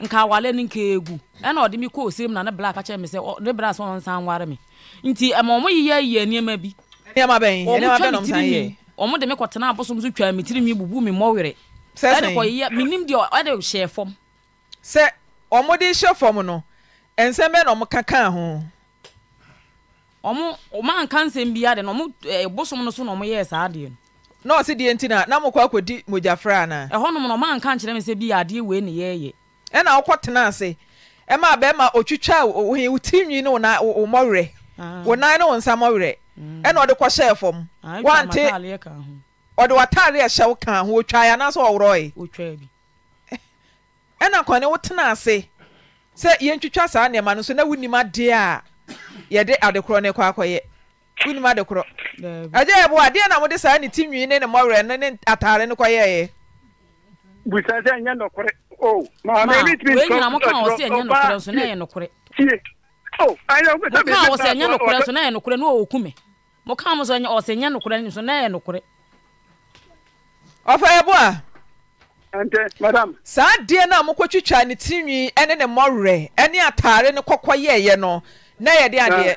nka awale ne nka egu ɛna ɔde mi kɔɔ sɛm na ne bra aka kyerɛ mi sɛ ne bra sɔn nsan ware mi nti ɛma ɔmo yiyɛ yiyɛ nneɛma bi. nneɛma bɛn nneɛma bɛn na san yɛ. ɔmo de mi kɔ tena abosom so twa mi tiri mi bubu mi mɔwere. sɛsɛn ɛde kɔ yiyɛ mi nim deɛ ɔde hyɛ fam. sɛ ɔmo de hyɛ fam no nsɛm bɛn na ɔmo kaka ho. ɔmo ɔmo anka nsɛm bi adi na ɔmo ɛbosom no so na ɔmo yɛ saa adeɛ no nọọsụ ntina na mụ kọ akọdi mogyafra ana. ɛhɔnom na ɔmo anka nkyerɛ mi sɛ bi adeɛ wei na yɛɛyɛ ɛna tena ase ɛma bɛma otwitwa wo tirnwi ah. mm. ah, e [LAUGHS] ne wo mmɔwerɛ wo nan ne wo nsa mmɔwerɛ ɛna ɔde kɔhyɛɛ fam wante ɔde wataare ɛhyɛ wo kaa ho otwae anaasɛ ɔworɔe ɛna kɔne wo tena ase sɛ yɛntwitwa saa nneɛma no so na wonim adeɛ a yɛde adekorɔ ne kɔ akɔyɛ wonim adekorɔ agye yɛboa adeɛ na mode saa ne tinwi ne ne mmɔwerɛ no ne ataare no kɔyɛeɛ busa sɛ ɛnyɛ nɔkorɛ o maame ebi tumi sɔ ɔba ɔba tie o ayɛ o bɛsɛ bɛsɛ ɔsɛ ɛnyɛ nɔkorɛ so n'ayɛ nɔkorɛ n'o oku mɛ mo kan mo sɔ ɔsɛ ɛnyɛ nɔkorɛ so n'ayɛ nɔkorɛ. ɔfɛ ɛbu a. ɛntɛ madam. saa deɛ no a mokɔtwitwa ne tirinwi ne ne mmɔwerɛ ne ataare ne kɔkɔ yɛɛyɛ no na yɛde adeɛ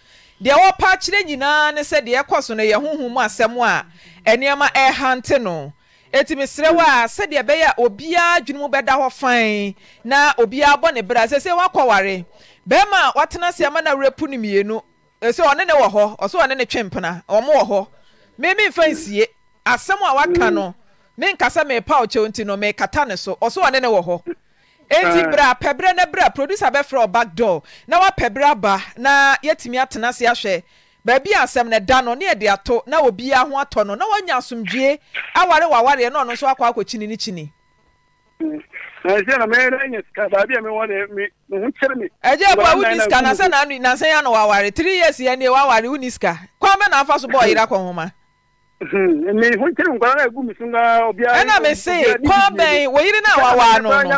deɛ wɔpa akyerɛ nyinaa ne sɛ deɛ ɛkɔ so no yɛ honhom asɛm a nneɛma ɛrehante no ɛti mesrɛ wo a sɛdeɛ bɛyɛ a obiara dwene mu bɛda hɔ fan na obiara bɔ ne bra sɛ sɛ wakɔware bɛrima a watena se ama no awerɛpu no mmienu ɛsɛ ɔne ne wɔ hɔ ɔsɛ ɔne ne twempena ɔmo wɔ hɔ mememfa nsie asɛm a waka no menkasa meepa wo kyɛw nti no meekata ne so ɔsɛ ɔne ne wɔ hɔ eti bra pɛbrɛ ne bra producer bɛfrɛ ɔ back door na wa bra ba na yɛtumi atena ase ahwɛ baabi asɛm na da no ne yɛde ato na obiara ho atɔ no na wanya asomdwie aware wawareɛ na ɔno nso akɔ akɔkyini ne kyini nansi eh, eh, na mɛyɛ dɛ nyɛ sika baabi a mɛwɔ dɛ mi ho kyerɛ mi. ɛjɛ bɔ awo ni sika na sɛ nanu nansi ya na waware three years yɛ ne waware wo ni sika kwan bɛ na afa so bɔ ɔyira kɔn hmm, ho ma. mi ho kyerɛ nkɔla na egu mi so nka obiara. ɛna mi se kɔn bɛn woyiri na wawa no no.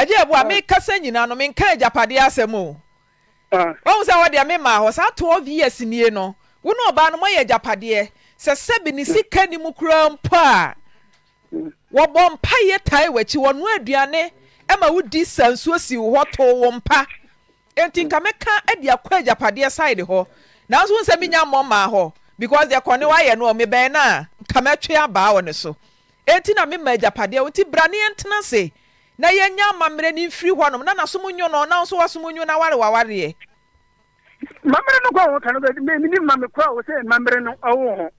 ɛgye ɛbu a ah. mekasa nyinaa no menka agyapadeɛ asɛm o ah. wɔhu sɛ wɔdeɛ memaa hɔ saa twelve years nie no wo ne ɔbaa no moyɛ agyapadeɛ sɛ sɛbi ne sika ni mu koraa mpo a mm. wɔbɔ mpa yɛ tae w'akyi wɔnoa aduane ma wodi sa nsuo si wo hɔ too wo mpa nti nka meka de akɔ agyapadeɛ side hɔ nanso wo sɛ menya mmɔ maa hɔ because deɛ kɔne wayɛ no ɔmebɛn no a nka mɛtwe abaa wɔ ne so enti na mema agyapadeɛ wo nti bra ne yɛntena se na yɛnya amammerɛ no mfiri hɔnom na nasom nwo no ɔnam so wasom nwo na ware wawareɛ mammerɛ no kɔ ka no menim ma kora wo sɛ mammerɛ no ɔwo ho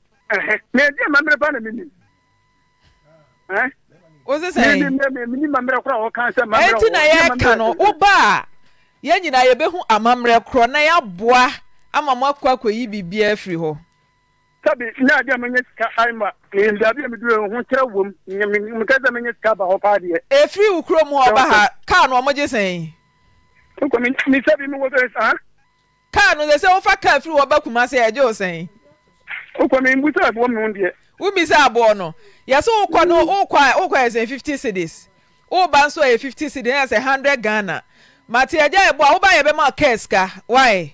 meɛdeɛ mammerɛ pa na menim wose sɛmenim mammerɛ kora wɔka ɛnti na yɛka no woba a yɛbɛhu amammerɛ korɔ na yɛaboa ama mo akɔ akɔyi biribiaa hɔ sabi ne adeɛ menyɛ sika aima ndabi a meduru ho kyerɛ wom meka sɛ menyɛ sika ba hɔ paa deɛ ɛfiri wo kurom ɔba ha kar no ɔmogye sɛn mesɛ bi mewɔ sɛ saa kar no sɛ sɛ wofa kar firi wɔba kuma sɛ ɛgye wo sɛn wokɔ membu sɛ aboɔ me deɛ wombi sɛ aboɔ no yɛsɛ wokɔ no wokɔ wokɔ yɛ fifty cities woba nso ɛyɛ e fifty cities ɛyɛ e sɛ hundred ghana mate agya yɛ a woba yɛ bɛma kɛɛ sika wae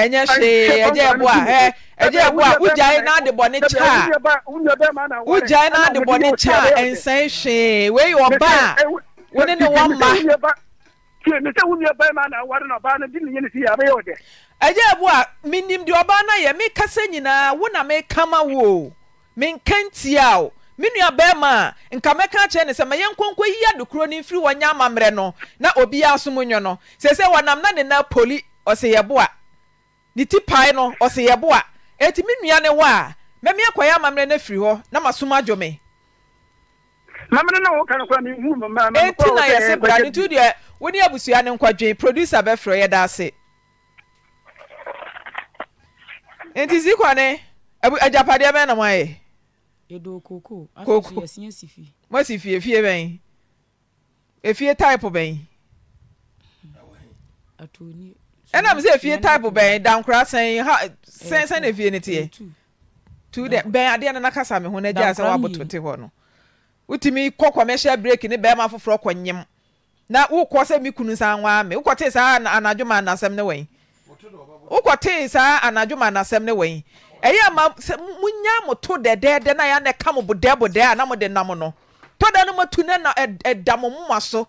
ɛnyɛ hwee agya bo aɛ ɛgyabo a wogyaendbɔn woyae nade bɔne kyɛa ɛnsɛe hwee weii ɔba a wo ne ne wo ma agya bo a menimdeɛ ɔbaa no yɛ meka sa nyinaa wo na merekama wo oo menka ntiao me nuabarima a nka mɛka akyerɛ ne sɛ mɛ yɛnkonkɔ yi a do koro no mfiri wɔnyɛ amammerɛ no na obia som nwo no sɛ sɛ wɔnam na ne naa poli ɔsɛyɛboa ne ti pae no ɔsɛ yɛ boa eti mi nua ne wɔ a mɛmi akɔyɛ amammerɛ no afiri hɔ na ma sum adwo me. mamere na wɔka no kora me hu mama enti na yɛse bra ne tu deɛ wo abusua ne nkwadwen producer bɛfrɛ yɛ da ase nti si kwane agyapadeɛ bɛn na mo ayɛ yɛdo koko koko mo asi fie fie bɛn efie type bɛn atoni ɛna m sɛ fie type bɛn dankora sɛn sɛn na fie no teɛ tu dɛ bɛn adeɛ na nakasa me ho no agyaa sɛ woaboto te hɔ no wutumi kɔ kɔmɛhyɛ breki ne bɛrima foforɔ kɔ nyem na wukɔ sɛ me kunu saa nwaa me wokɔtee saa anadwo ma anasɛm ne wɔi wokɔtee saa anadwo ma anasɛm ne wɔi ɛyɛ ma sɛ munya mo to dɛdɛɛdɛ na yɛa na ɛka mo bodɛɛ bodɛɛ a na mode nam no tɔda no matu ne na ɛda e, e, mo moma so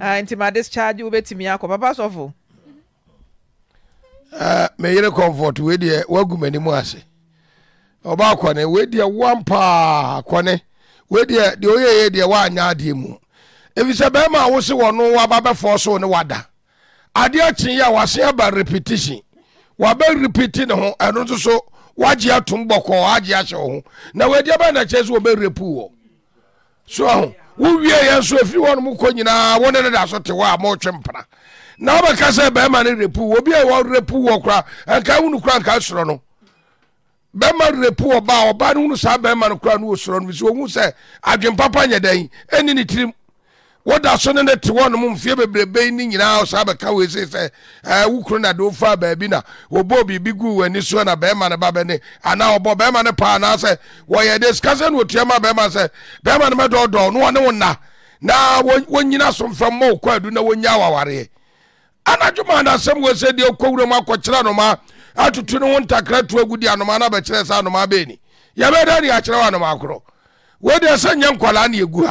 Ah, nti ma discharge wobɛtumi akɔ papa sɔfo ah, meyere comfort wei deɛ woagu m'anim ase ɔba kɔne wei deɛ woam paa kɔne wei deɛ deɛ woyɛyɛ deɛ woanyɛ adeɛ mu ɛfiri sɛ bɛrima a wo se wɔno waba bɛfoɔ so ne wada adeɛ kye a wase aba repetition wabɛ repeti ne ho ɛno nso so wagye atom bɔkɔɔ agye ahyɛ wo ho na wadi abɛ na wɔbɛrepu wɔ yeah. wowie yɛ nso ɛfiri hɔ nom kɔ nyinaa wo ne ne da so te hɔ a motwe mpena na wobɛka sɛ bɛrima no repu obi a wɔrepu wɔ kora ɛnka wo no kora nka soro no bɛrima repu ɔba a ɔba no hunu saa bɛrima no kora no wɔ soro no bi sɛ ɔhu sɛ adwen papa nyɛ dɛn ɛni ne tirim woda so ne ne te hɔ nom mfie bebrebe yi ne nyinaa saa bɛka wei sei sɛ wo kuro na de wofaa baabi na wɔbɔɔ biribi guu w'ani soɔ na bɛrima no ba bɛne anaa ɔbɔ bɛrima no paa anaasɛ wɔyɛ de sika sɛ ne wɔtua ma bɛrima sɛ bɛrima no mɛdɔɔdɔɔ no ɔne wo na na wɔnyina so mfam ma wo kɔ adu na wɔnya awawareɛ anadwoma anasɛm wɔ sɛ deɛ wokɔ wura mu akɔkyerɛ anoma atutu ne ho ntakra to agu di anoma no abɛkyerɛ sɛ anoma bɛni yɛbɛda ne akyerɛ w anoma korɔ wei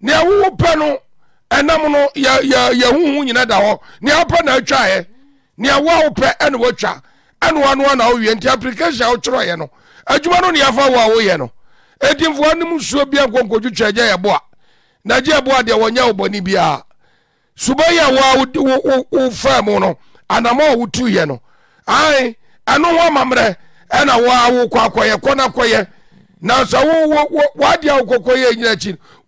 nea wowo pɛ no ɛnam no yẹ yɛhuhu nyina da hɔ nea wopɛ na yẹ atwaeɛ nea woa wo twa ɛne woatwa ɛne woanoa na wowie nti application a wokyerɛeɛ no adwuma no neafa wo a woyɛ no ɛtimfo wanom nsuo bia nkonkodwitwa agya yɛboa na gye yɛboa deɛ wɔnyɛ wo bɔne biara subayi a woa wofaa mu no anama a wotuiɛ no ae ɛno ho amammerɛ ɛna woa wokɔ akɔyɛ kɔ no akɔyɛ nanso woadeɛ a wokɔkɔyɛ nyina akyi no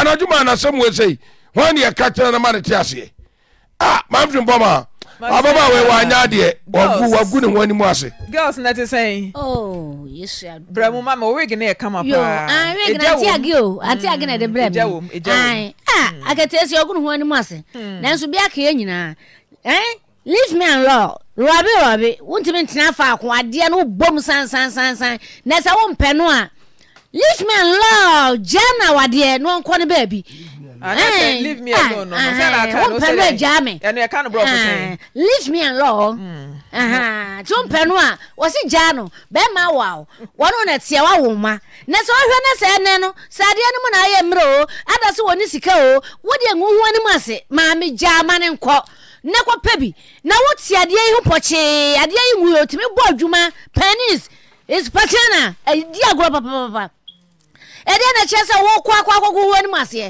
anadwuma anasɛm wɔ sɛi hwan deɛ ka kyerɛ no ma ne te aseɛ a mamfiri mpɔm a ababa wei wanya adeɛ wagu wagu ne ho anim ase girls na te sɛn oh, brɛ mu ma ma wig ne yɛ kama paaakatɛsi ah, ah, hmm. ɔgu ne ho anim ase hmm. nanso bi akɛɛ nyinaa eh? leave me alone rɔbe rɔbe wontumi ntena faako adeɛ no wobom sansansansan na sɛ wompɛ no a leave me alone jẹ́ ah, na awadeɛ ní wọn kọ́ ni bẹ́ẹ̀bi. leave me alone no eh, sẹ́ na ata ló sẹ́lẹ̀ ẹnu ẹ̀ka ni búrọ̀kù sẹ́yìn. leave me alone tí wọn pẹ̀lú a wọ́n sì já no bẹ́ẹ̀ máa wà o wọn náà tiẹ̀ wá wò ma na sọ wọ́n hwẹ́ ne sẹ́ ẹnẹ́ no sẹ́ adeɛ ni mu na ayɛ mmerɛ o adasi wɔ ne sika o wọ́n di ehu wọn ni mu ase maame gya ma ne nkɔ ne kɔ pɛ bi na wọ́n ti adeɛ yi ho pɔkyee adeɛ yi hu yɛ otumi bɔ adwuma pennies is pɛkyɛn na edi agorɔ papapapa ɛdeɛ na kyerɛ sɛ wɔkɔ akɔ akɔkɔ wɔ anim aseɛ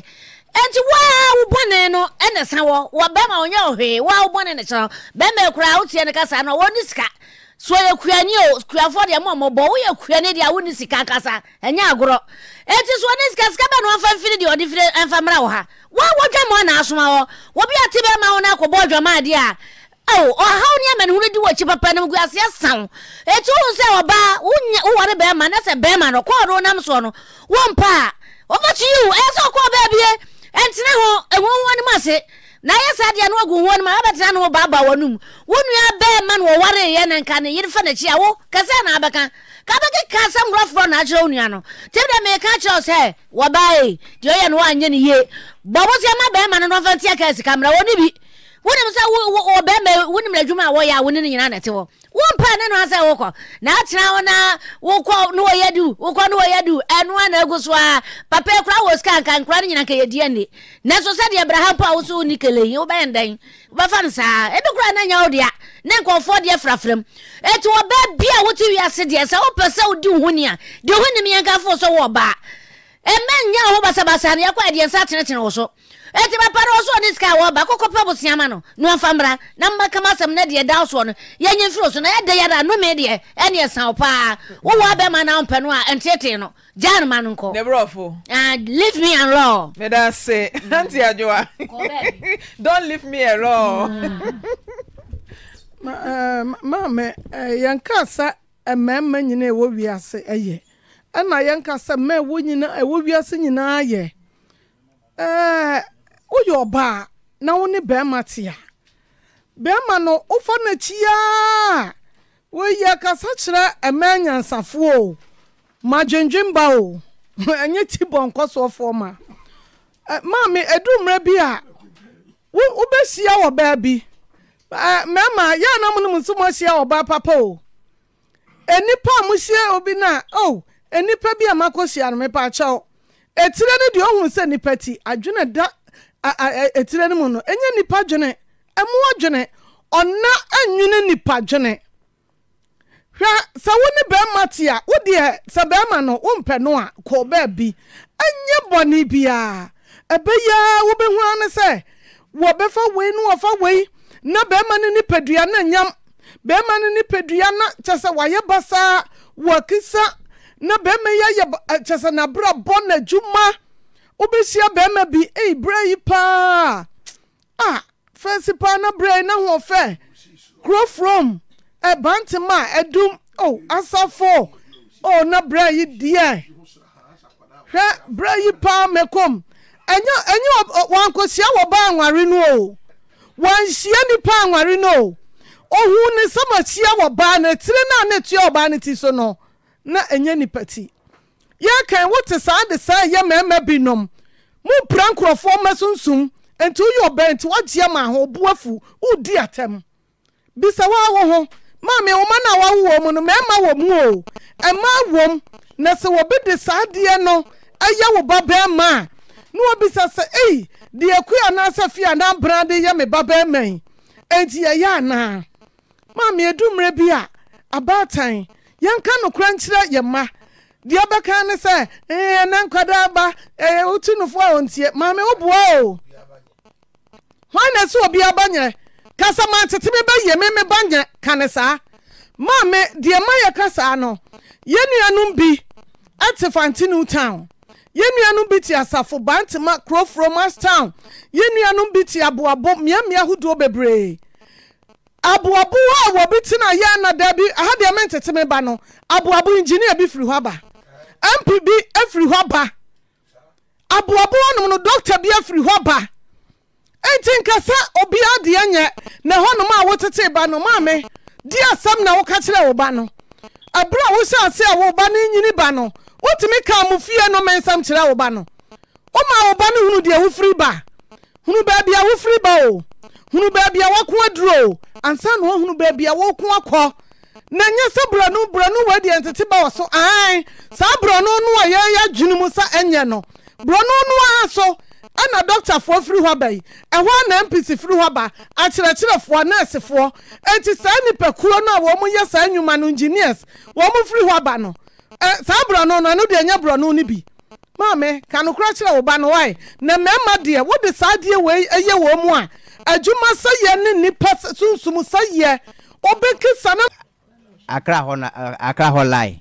nti waa wo bɔne no ɛna sa wɔ wɔ bɛrima ɔnyɛ ɔhwee waa wo bɔne no kyerɛ bɛrima ekura wotie ne kasa no wɔn ni sika so yɛ kuani o kuafoɔ deɛ mo a mo bɔ woyɛ kuani deɛ awo ni sika kasa ɛnyɛ agorɔ eti so ne sika sika bɛ na wɔn fɛn firi deɛ ɔde firi ɛnfamra wɔ ha waa wɔdwa mu ɔna asoma wɔ ɔhaw ne ama ne hono di wɔakyi papa nom gu aseɛ sa etu ɛti sɛ ɔbaa woware bɛrima na sɛ bɛrima no kɔɔ no wonam soɔ no wɔmpa a ɔfa to yiw ɛyɛ sɛ ɔkɔɔ baa bie ɛntena hɔ ɛhohoa no mu ase na ɛyɛ saa deɛ no wagu hoɔ no mu a wobɛtena no wobaaba wɔ no mu wo nua bɛrima no wɔwareyɛ ne nka ne yere fa n'akyi na abɛka ka asa sɛ na akyerɛ wo no tim dɛ kyerɛ sɛ deɛ ɔyɛ no ne ma bɛrima no sika wɔ ne wonim sɛ wɔbɛma wonim adwuma a wɔyɛ a wone no nyinaa nɛte hɔ wompɛ ne no asɛ wokɔ na atena wo na wokɔ ne wɔyɛ du wokɔ ne wɔyɛ du ɛno a na agu so a papa kora wɔ sika nka nkora no nyina nka yɛdi ani nanso sɛdeɛ abraham po a wo so woni keleyi wobɛyɛ ndɛn wobɛfa no saa ebi kora na nya wo dea ne nkɔmfoɔ deɛ frafram ɛti e, wɔbɛ bi a wote wiase deɛ sɛ wopɛ sɛ wodi wo ho ni a deɛ ho nim yɛnkafo so wɔ ɔbaa ɛmɛ e, nya wo basabasa no yɛkɔ adeɛ e, nsa tenetene wo so eti papa no ɔsɔ ne sika wɔ ba kɔkɔ pɛ bosia ma no na ɔmfa na mma kama asɛm na deɛ da soɔ no yɛnyɛ mfiri so na yɛda yɛda nome deɛ ɛne ɛsaw paa wowɔ abɛma na wompɛ no a ɛntetee no gyaa ma no nkɔ nebrɔfo uh, leave me alone. raw meda se anti adwoa don't leave me alone. maame yɛnka sɛ mmarima nyinaa ɛwɔ wiase ɛyɛ ɛna yɛnka sɛ mmaa ɛwɔ wiase nyinaa yɛ woyɛ ɔbaa na wo ne bɛrima te a bɛrima no wofa n'akyiaa woyi akasa kyerɛ mmaa nyansafoɔ ma dwendwen ba o [LAUGHS] ɛnyɛ ti bɔ nkɔsoɔfoɔ ma maame edu mmerɛ bi a wobɛhyia wɔ baa bi mmarima yɛa na no mu nso mo ahyia wɔ baa papa o enipa a mohyia obi no o enipa bi a makɔhyia no mepa akyɛw etire no deɛ ohun sɛ nipa ti adwene da etire e, no mu no enye nipa dwene ɛmoa dwene ɔna anwene nipa dwene hwɛ sɛ wo bɛrima te a wodeɛ sɛ bɛrima no wompɛ no a kɔɔ baabi ɛnyɛ bɔne biaa ɛbɛyia wobɛhu a ne sɛ wɔbɛfa wei no wɔfa wei na bɛrima no nipadua na nyam bɛrima no nipadua na kyɛ sɛ wayɛ basaa wɔakisa na bɛrima yi ayɛ kyɛ sɛ n'abrabɔ n'adwuma wobɛhyia bɛrima bi ei berɛ yi paa a ah, fɛnsi paa na berɛ yi na hoɔfɛ kuro from ɛbantema a ɛdum o oh, asafo o oh, na berɛ yi deɛ hwɛ berɛ yi paa mɛkom ɛnyɛ ɛnyɛ wankosia wɔ ba anware no o wanhyia nipa anware no o ohun ne samahyia wɔ baa ne tiri na ne tua ɔbaa ne ti so no na ɛnyɛ nipa ti yɛn kan wote saa de saa yɛ mɛɛmɛ nom mompira nkurɔfoɔ ma sunsum nti woyɛ ɔbɛn nti woagyeɛ ma ho ɔbu afu wodi atɛm bisa woawo ho maame nwoma no a wawowɔ mu no mmarima wɔ mu o ɛma wɔ m na sɛ wɔbi de saa adeɛ no ɛyɛ wo babarima a na wɔbisa sɛ ei deɛ kui anaasɛ fie anaa de yɛ me babarima yi enti yɛyɛ anaa maame edu mmerɛ bi a abaatan yɛnka nokora nkyerɛ yɛ mma deɛ ɔbɛka ne sɛ ɛna eh, nkwadaa aba ɛyɛ eh, wotu nofo a ɔntie maame wo boa o hwan na ɛsɛ obi aba nyɛ kasa ma tete me bɛyɛ me me ba nyɛ ka ne saa maame deɛ ma yɛ ka saa no yɛn nuanom bi ɛte fantinu town yɛn nuanom bi ti asafo bantama kurofuro mas town yɛn nuanom bi te aboabo mmeammea ahodoɔ bebree aboabo a wɔbi tena yɛn na daabi aha deɛ me ntete me ba no aboabo engineer bi firi hɔ aba. mp bi afiri hɔ ba aboaboanom no dɔkta bi afiri hɔ ba enti nka obi obiaa deɛ nyɛ na hɔnom a wotete ba no maame di asam na woka kyerɛ wo ba no ɛberɛ a wohyɛ ase a wo ba no nyini ba no wotumi ka mo fie no me nsɛm kyerɛ wo ba no woma wo ba no hunu deɛ wofiri ba hunu baabi a wofiri ba o hunu baabi a woako aduro o ansa na wohunu baabi a woko akɔ na nyɛ sɛ borɔno borɔno wɔ deɛ ntete ba wɔ so ae saa borɔno no a yɛyɛ adwene mu sa ɛnyɛ no borɔno no a so ɛna dɔktafoɔ firi hɔ ba yi ɛhɔ na mpc firi hɔ ba akyerɛkyerɛfoɔ nɛɛsefoɔ enti saa nipakuo no a wɔn yɛ saa nnwuma no engineers wɔn firi hɔ ba no ɛ saa borɔno no ɛno deɛ nyɛ borɔno no bi maame kanokora kyerɛ wo ba no wae na mmarima deɛ wode saa adeɛ wei ɛyɛ wɔn mu a adwuma sɛ yɛ ne nipa sunsum sɛ yɛ obɛkisa na Accra hɔ na eh, Accra hɔ line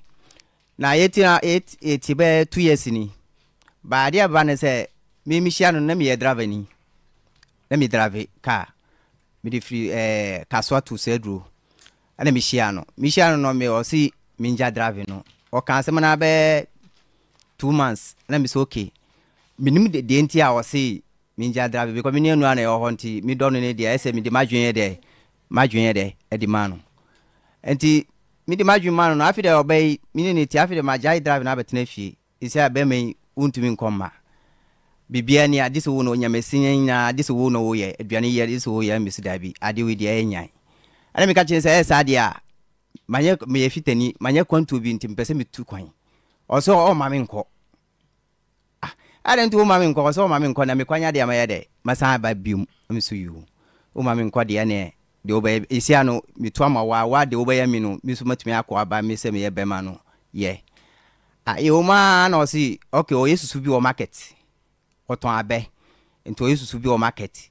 na yɛtena yɛti bɛ two years ni baade a ba ne sɛ mimihyia no na miyɛ driver ni na mi drive car mede firi ɛɛ eh, kasoa to sɛ duro ɛna mihyia no mihyia no no mi ɔsi mingya drive no ɔka asɛm na bɛ two months na mi sɛ okay minim deɛ nti a ɔsi mingya drive because mi ne nua na ɛwɔ hɔ nti mi dɔ no ne deɛ ɛsɛ mi de ma dwen yɛ deɛ ma dwen yɛ deɛ ɛde ma no nti mede m'adwuma no no afi dɛ ɔbɛyi mene ne ti afi dɛ magyae drive no abɛtena fie ɛsɛ a bɛma yi wontumi nkɔ mma bibia ni ade sɛ wo na onyamasinya nyinaa ade sɛ wo na woyɛ aduane yɛ ade sɛ woyɛ mmɛsi da bi ade wei deɛ ɛnyan ɛne meka kyerɛ sɛ ɛyɛ saa deɛ a manyɛ meyɛ fitani manyɛ kwantuo bi nti mpɛ sɛ metu kwan ɔsɛ ɔma me ah, nkɔ adɛ nti woma me nkɔ ɔsɛ ɔma me nkɔ na mekwanya deɛ mayɛ dɛ masan aba biom meso yio woma me nkɔ deɛ neɛ deɛ wobɛyɛ ɛsia no meto ama waa waa deɛ wobɛyɛ mi no me so matumi akɔ aba me sɛ meyɛ bɛma no yɛ yɛwoma ah, na ɔse ok ɔyɛ susu bi wɔ market ɔtɔn abɛ nti ɔyɛ susu bi wɔ market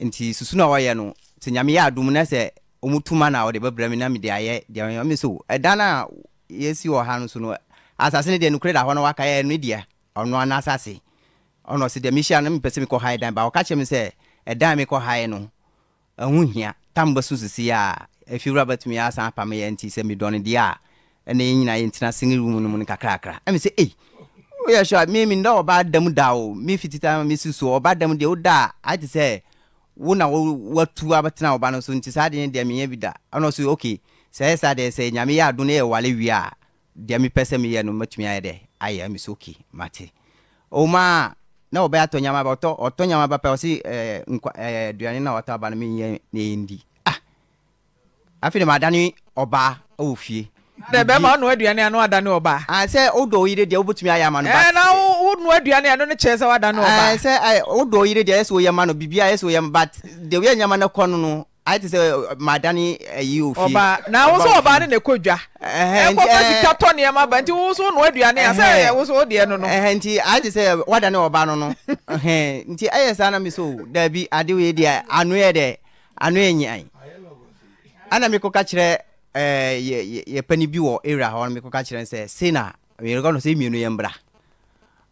nti susu na ɔyɛ no sɛ nyame yɛ adom na sɛ ɔmu tuma na ɔde bɛbrɛ me na mede ayɛ deɛ me so ɛdan a yɛsi wɔ ha no so no asase no deɛ nokorɛ da hɔ na waka yɛ no deɛ ɔno ana asase ɔno ɔse deɛ mehyia no mepɛ sɛ kɔ ha ɛdan ba ɔka kyerɛ me sɛ ɛdan ha hae no ɛho hia tam bɛso sisi a afiwura bɛtumi asan apam yɛ nti sɛ medɔne deɛ a ɛne yɛ nyina yɛntena singil room no mu no kakrakra ɛme sɛ ei woyɛ sɛ mimi nda ɔba dam da o mefitita mesi so ɔba dam deɛ woda a ate sɛ wo na watu abɛtena ɔba no so nti saa deɛ deɛ menyɛ bi da ɔno so ok sɛ ɛyɛ saa deɛ sɛ nyame yɛ ado no yɛ wale wie a deɛ mepɛ sɛ meyɛ no matumi ayɛ dɛ ayɛ ɛme sɛ ok mate ɔma na ɔbɛyɛ atɔ nyama ba ɔtɔ ɔtɔ nyama ba pɛ ɔse eh, aduane eh, na wɔtɔ aba no menyɛ na ɛndi afei na ma adane ɔbaa wɔ fie dɛ bɛrima ɔnua aduane ano adane ɔbaa ah sɛ wodɔ yire deɛ wobɛtumi ayɛ ama no ba ɛɛ na wonua aduane ano ne kyerɛ sɛ wadane ɔbaa ah, ɛɛ sɛ ɛɛ eh, wodɔ yire deɛ ɛsɛ oyɛ ma no bibi ayɛ oyɛ ma but deɛ oyɛ nyama no kɔ no no ayɛ te sɛ eh, ma adane ɛyi ofie ɔbaa na woso ɔbaa ne na ɛkɔ dwa ɛɛ ɛkɔ fɛ eh, sika tɔ nneɛma ba nti woso nua aduane a sɛ woso deɛ no no ɛɛ nti ayɛ te sɛ wadane ɔbaa no no [LAUGHS] nti ɛyɛ saa na mi so daabi ade wo yɛ deɛ ano yɛ dɛ ana mekɔka kyerɛ eh, yɛpani bi wɔ area hɔ no mekɔka kyerɛ sɛ se na mereka no sɛ mmienu yɛ mbra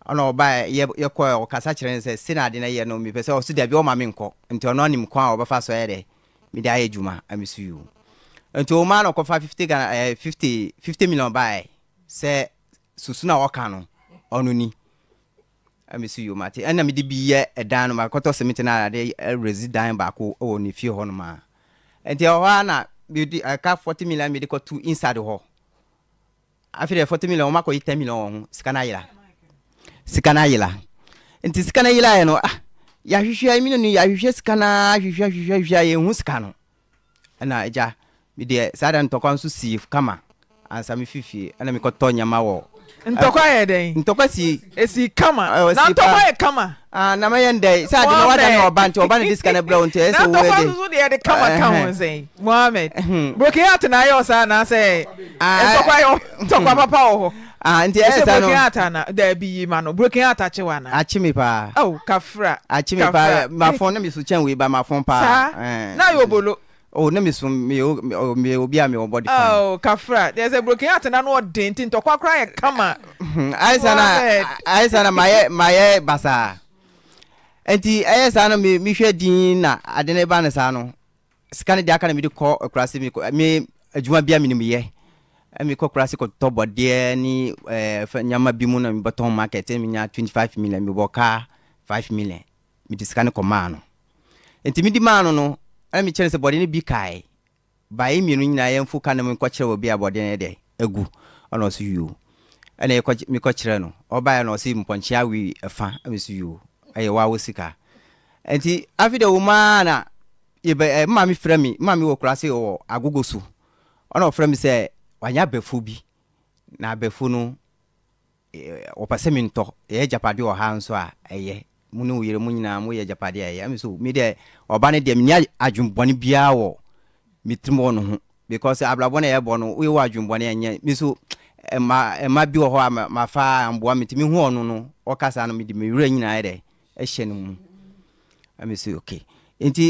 ɔna ɔba yɛkɔ ɔkasa kyerɛ no sɛ se na ade no yɛ no mepɛ sɛ ɔso dabi ɔma me nkɔ nti ɔno anim kwan a wɔbɛfa so yɛ dɛ mede ayɛ adwuma amesu yi nti ɔma no ɔkɔfa 50 eh, million baɛ sɛ susu na wɔka no ɔno ni amesu yi ɔma ɛna mede bi yɛ ɛdan no ma kɔtɔ no ade eh, resi dan baako wɔ ne fie hɔ no nti ɛhɔ a na mede ɛka 40 million mede kɔto inside hɔ afei dɛ 40 million ɔmakɔyi 10 million wɔ ho sika no ayera sika no ayera nti sika no ayeraeɛ no ah yɛahwehwɛ mino no yɛahwehwɛ sika no ahwehwɛ ahwehwɛ ahwehwɛ yɛhu sika no ɛna agya medeɛ eh, saa da ntɔkwa nso sii kama ansa me fifie ɛna mekɔtɔ nyama wɔ ntɔkwa yɛ dɛn ntɔkwa si esi kama na ntɔkwa yɛ kama na ma yɛ ndɛ sɛ adi na wada na ɔba nti ɔba na disika na bila nti ɛsɛ wo yɛ dɛ na ntɔkwa soso de yɛde kama ka ho nsɛn mohammed brokin ata na ayɛ ɔsa na sɛ ntɔkwa yɛ ntɔkwa papa wɔ hɔ nti ɛsɛ sɛ no brokin ata na dɛbi yi ma no brokin ata akyi wa na akyi mi paa aw kafra akyi mi paa ma fɔn ne mi so kyɛn wei ba ma fɔn paa saa na yɛ obolo oh ne misu mi o mi obi a mi wɔ oh, body pan. oh kafra there's a broken heart na no ɔden nti ntɔkwa kora yɛ kama. ayisa hmm, na ayisa na mayɛ mayɛ basaa nti ɛyɛ saa no mi hwɛ din na ade ne ba ne saa no sika ne de aka na mi de kɔ akurase mi kɔ mi adwuma bia mi ni mi yɛ ɛmi kɔ akurase kɔ tɔ bɔdeɛ ni ɛɛ eh, fɛn nyama bi mu na mi bɔ tɔn market ɛmi eh, nya twenty five million mi bɔ kaa five million mi de sika ne kɔ maa no nti mi di maa no no. mekyerɛ sɛ bɔde no bi kae bae mmienu nyinaa yɛmfo ka no m nkɔkyerɛ wɔ bi a bɔde no de agu ɔna ɔso yio ɛna mekɔkyerɛ no ɔbaɛ na ɔse mpɔnkye awe ɛfa meso yio ɛyɛ wawo sika nti afi dɛ womaa na ma me frɛ me ma me wɔ kora se wɔ agogo so ɔna ɔfrɛ me sɛ wanyɛ abɛfo bi na abɛfo no wɔpɛ sɛ mentɔ yɛyɛ gyapadeɛ ɔha nso a ɛyɛ mu yere mu nyinaa moyɛ gyapadeɛ ɛyɛ meso me deɛ ɔba no deɛ menni adwembɔne biara wɔ metirim wɔ no ho because abrabɔ no ɛyɛbɔ no woyɛ wɔ adwembɔne ɛnyɛ me so ɛma bi wɔ hɔ a amboa ɔno no ɔkasa no nyinaa dɛ ɛhyɛ mu nti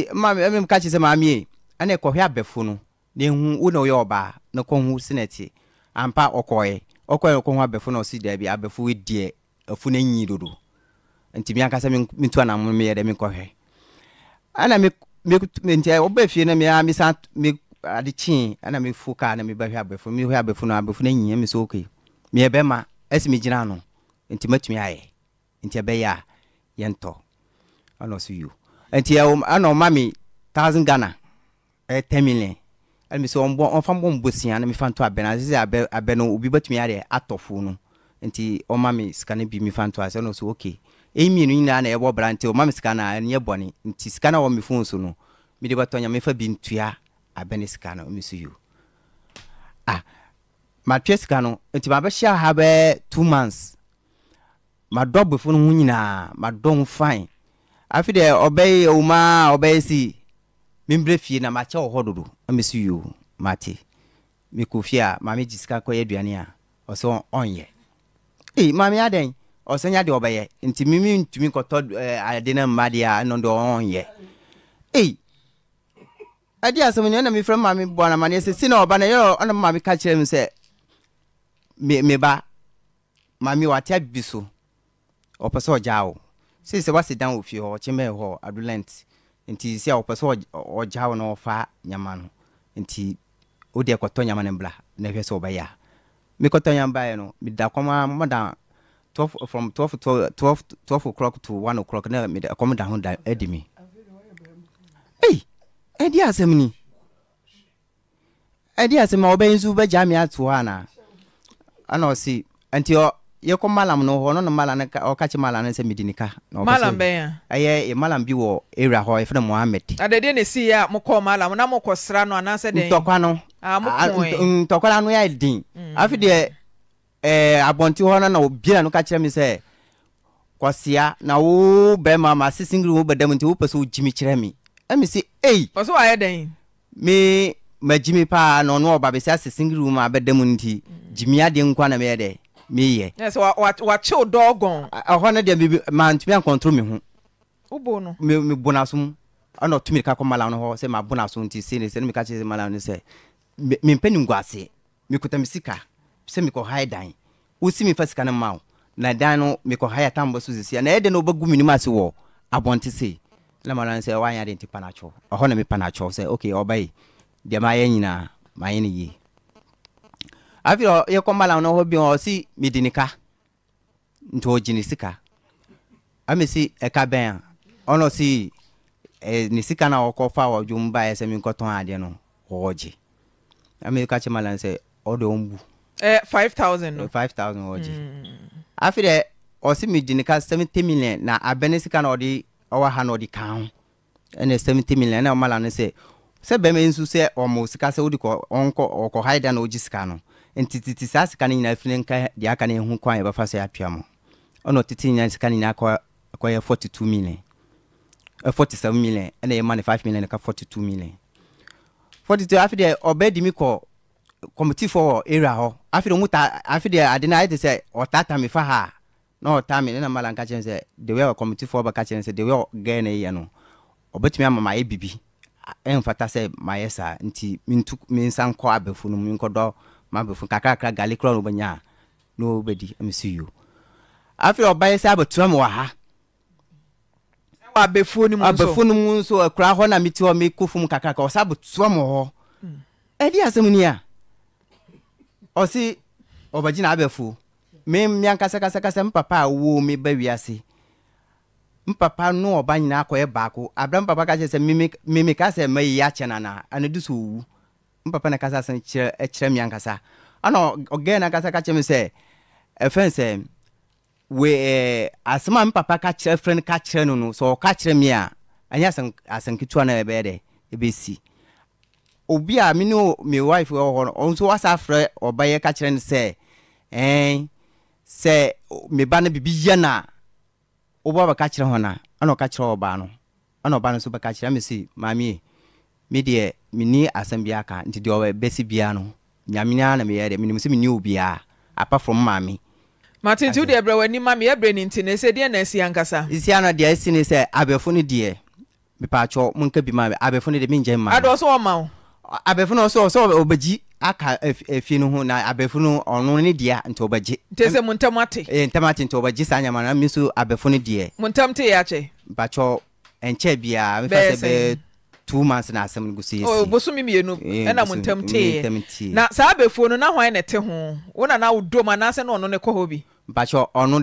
kye sɛ abɛfo no wo na ɔbaa ampa nti mi ankasa mi tu anamu mi yɛ mi kɔhwɛ ɛna mi mi nti ɔbɛ fie na mi a mi san mi ade kyin ɛna mi fu kaa na mi bɛhwɛ abɛfo mi hwɛ abɛfo na abɛfo na nyiya mi so oke mi yɛ bɛma ɛsi mi gyina ano nti ma tumi ayɛ nti ɛbɛyɛ a yɛn tɔ ɛna ɔso yio nti ɛna ɔma mi thousand ghana ɛyɛ ten million ɛna mi sɛ ɔnbɔ ɔnfa bɔ mbosia na mi fa nto abɛ na sisi abɛ abɛ no obi bɛtumi ayɛ atɔ fo no nti ɔma mi sika ne bi mi fa nto asɛ ɛna ɔso oke. Okay. emi nu nyinaa na ɛbɔ bra nti ɔma me sika no a ɛnyɛ bɔne nti sika no a wɔ me fon so no mede bɛtɔ nya mefa bi ntua abɛne sika no me so yio ah matwe sika no nti mabɛhyɛ ha bɛɛ two months madɔ befo no ho nyinaa madɔ ho fine afi deɛ ɔbɛyɛ ɔma a ɔbɛyɛ si membrɛ fie na makyɛ wɔ hɔ dodo me so yio mate mekɔ fie a maame gye sika kɔyɛ aduane a ɔsɛ ɔnyɛ ei maame adɛn ɔsɛnya deɛ ɔbɛyɛ nti mimi ntumi kɔtɔ eh, ade no mma deɛ a ɛno deɛ ɔnyɛ ei ɛde asɛm no ɛna mefrɛ maame boa no amaneɛ sɛsi na ɔba no ɛyɛ ɔna maame ka kyerɛ mu sɛ meba maame wate abibi so ɔpɛ sɛ ɔgyaa wo sei sɛ woase dan wɔ fie hɔ ɔkyemɛɛ hɔ adolent nti sɛ ɔpɛ sɛ ɔgyaa wo na ɔfa nyama no nti wodeɛ kɔtɔ nyama no bla na hwɛ sɛ ɔbɛyɛ a mekɔtɔ nyama baeɛ no meda kɔma mada 12 from twelve to twelve 12 o'clock to one o'clock na me akɔm da ho da adi me ei ɛdi asɛm ni ɛdi asɛm a ɔbɛn nso bɛgya me ato hɔ anaa ana ɔsi nti ɔ yɛkɔ malam no hɔ ɔno no malam no ɔka kye malam no sɛ medi nika malam bɛn a ɛyɛ malam bi wɔ area hɔ yɛfrɛ mohammed adadeɛ na ɛsii a mokɔɔ malam na mokɔsra no anaasɛ dɛn ntɔkwa no ah, ah, ntɔkwa eh. no yɛ den afei ɛɛ eh, abɔnten hɔ na o e, no ka mi sɛ kɔsia na wo bɛrima ma se singiri wo bɛdɛm nti wo pɛ sɛ wogyimi kyerɛ me ɛmi se ei ɔsɛ wayɛ dɛn me magyimi paa na ɔno ɔba bɛsi ase singiri wo ma bɛdɛm nti gyimi adeɛ nkwa na dɛ ɛhɔ deɛ ho no ɛna ɔtumi ka kɔ mala no hɔ sɛ nti ne sɛ mikɔ haya dan wosi mi fa sika no ma wo na dan no mikɔ haya tam bɔ so sisia na ɛdɛ na wobɛgu menim ase wɔ abɔnte sei na ma nan sɛ woanyɛ ade nti panakyɛw ɛhɔ na mepa nakyɛw sɛ ok ɔba yi deɛ maayɛ nyinaa maayɛ no yie afei yɛkɔ malam no hɔ bi ɔsi mede ne ka nti ɔgyene sika amesi ɛka bɛn a ɔno si eh, ne sika na ɔkɔfa a ɔdwom baeɛ sɛ menkɔtɔn adeɛ no ɔɔgye amesi ka kyɛ malam sɛ ɔde ɔmbu 5000 eh, wɔgye hmm. afei dɛ ɔse megye ne ka 70 million na abɛne sika na ɔde ɔwɔ ha na ɔde ka ho ɛna 70 million na ɔmala no sɛ sɛ bɛma nso sɛ ɔmo sika sɛ wode ɔkɔhae da na ɔgye sika no nti saa sika no nyinaa firi nka deɛ aka na ɛhu kwan yɛbɛfa so yɛatwea ɔtete nyinaa sika no nyinaa kɔyɛ 42 million 47 eh, million ɛna million ka million mi kɔ kɔmitifoɔ wɔ area hɔ afei de ɔmuta afei de ade na ayɛ te sɛ ɔtata mi fa ha na ɔta mi ne na mala nka kyerɛ sɛ de wɛ kɔmitifoɔ bɛka kyerɛ sɛ de wɛ gɛɛ na yɛ no ɔbɛtumi ama ma ye bibi ɛnfata sɛ ma yɛ sa nti mintu minsa nkɔ abɛfo no mu nkɔdɔ ma abɛfo kakrakra gali kura na ɔbɛnya di ɔbɛdi si yio afei ɔba yɛ sɛ abɛtua mi wɔ ha abɛfo ni mu nso abɛfo ni mu nso ɛkura hɔ na mi ti hɔ mi kó fom kakrakra ɔsɛ hɔ hmm. ɛdi asɛm ni ọ ɔsi ɔbɛgyina abɛfo me mmea nkasakasakasa mpapa a wo me ba wiase mpapa no ɔba nyinaa kɔyɛ baako abira mpapa ka kyerɛ sɛ mimi ka sɛ ma yi akyɛ nana ana du so owu mpapa na kasa sɛn kyerɛ ɛkyerɛ mmea nkasa ana ɔgɛn na kasa ka kyerɛ mi sɛ ɛfɛn sɛ we ɛɛ asɛm a mpapa ka kyerɛ fɛn ka kyerɛ no no sɛ ɔka anyị mmea ɛnyɛ asɛn asɛn ketewa na ɛbɛyɛ dɛ ɛbɛsi. obi a mene me wife wɔ hɔ no nso wasa frɛ ɔbɛyɛ ka kyerɛ no sɛ ɛn sɛ me ba no biribi yɛ no a wobɔ bɛka kyerɛ no a ɛna ɔka kyerɛ ɔbaa no ɛna no nso bɛka kyerɛ me maame me deɛ menni asɛm ka nti deɛ ɔbɛsi biara no nyame na meyɛ deɛ menim sɛ menni obiaa apart from maame brɛ w'ani ma nti deɛ na asi ankasa ɛsia no deɛ ɛsi ne sɛ abɛfo no deɛ ma abɛfo no deɛ mengyɛ abɛfno sɛ sɛ ɔbɛgyi aka fie na abɛfno ɔno ne deɛ nti ɔbɛgye sɛ mo ntam ate eh, ntam ate nti ɔbɛgye saa nyama no me nso abɛfo no deɛ mo ntam te yɛ ɛnkyɛ mefa sɛ two months na asɛm no gu so yɛsi oh, bosome mmienu eh, ɛna ntam na saa abɛfuo no na hwan ne te ho na wodom anaasɛ na ɔno ne kɔ hɔ bi bakyɛ ɔno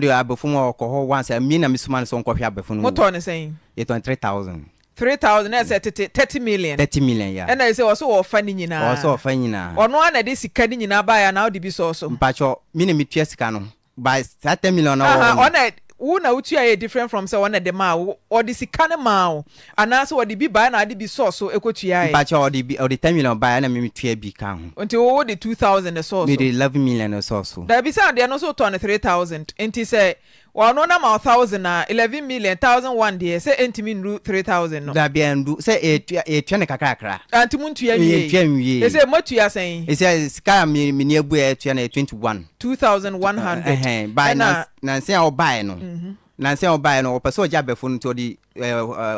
na mesoma no sɛ abɛfo no motɔ ne sɛn yɛtɔn three thousand ɛsɛ tete thirty million. thirty million ya. ɛna ɛsɛ wɔsɔ wɔfa ne nyinaa. wɔsɔ wɔfa ne nyinaa. ɔno ana de sika ne nyinaa ba ya na ɔde bi sɔɔ so. mpatsɔ mi na mi tua sika no by saa ten million na wɔwɔ mu. ɔna wo na wotua yɛ different from sɛ wɔna de maa wo ɔde sika ne maa wo anaasɛ wɔde bi baa na ade bi sɔɔ so ekotua yɛ. mpatsɔ ɔde bi ɔde ten million baa ɛna mi mi tua bi ka ho. nti wo de two thousand sɔɔ so. mi de eleven million sɔɔ so. dabi sɛ adeɛ no so tɔ three thousand nti sɛ ɔno na ma thousand a eleven million thousand one deɛ sɛ ɛntumi nru three thousand no. dabi a ndu sɛ etua etua ne kakrakra. anti ah, mu ntua nwie etua nwie ese mo tua sɛn. ese sika mi mi ni ebu etua na twenty one. two thousand one hundred. ɛhɛn eh, eh, baa na nansi a ɔbaa no. Mhm. nansi a ɔbaa no ɔpɛ sɛ ɔgye abɛfo no nti di eh,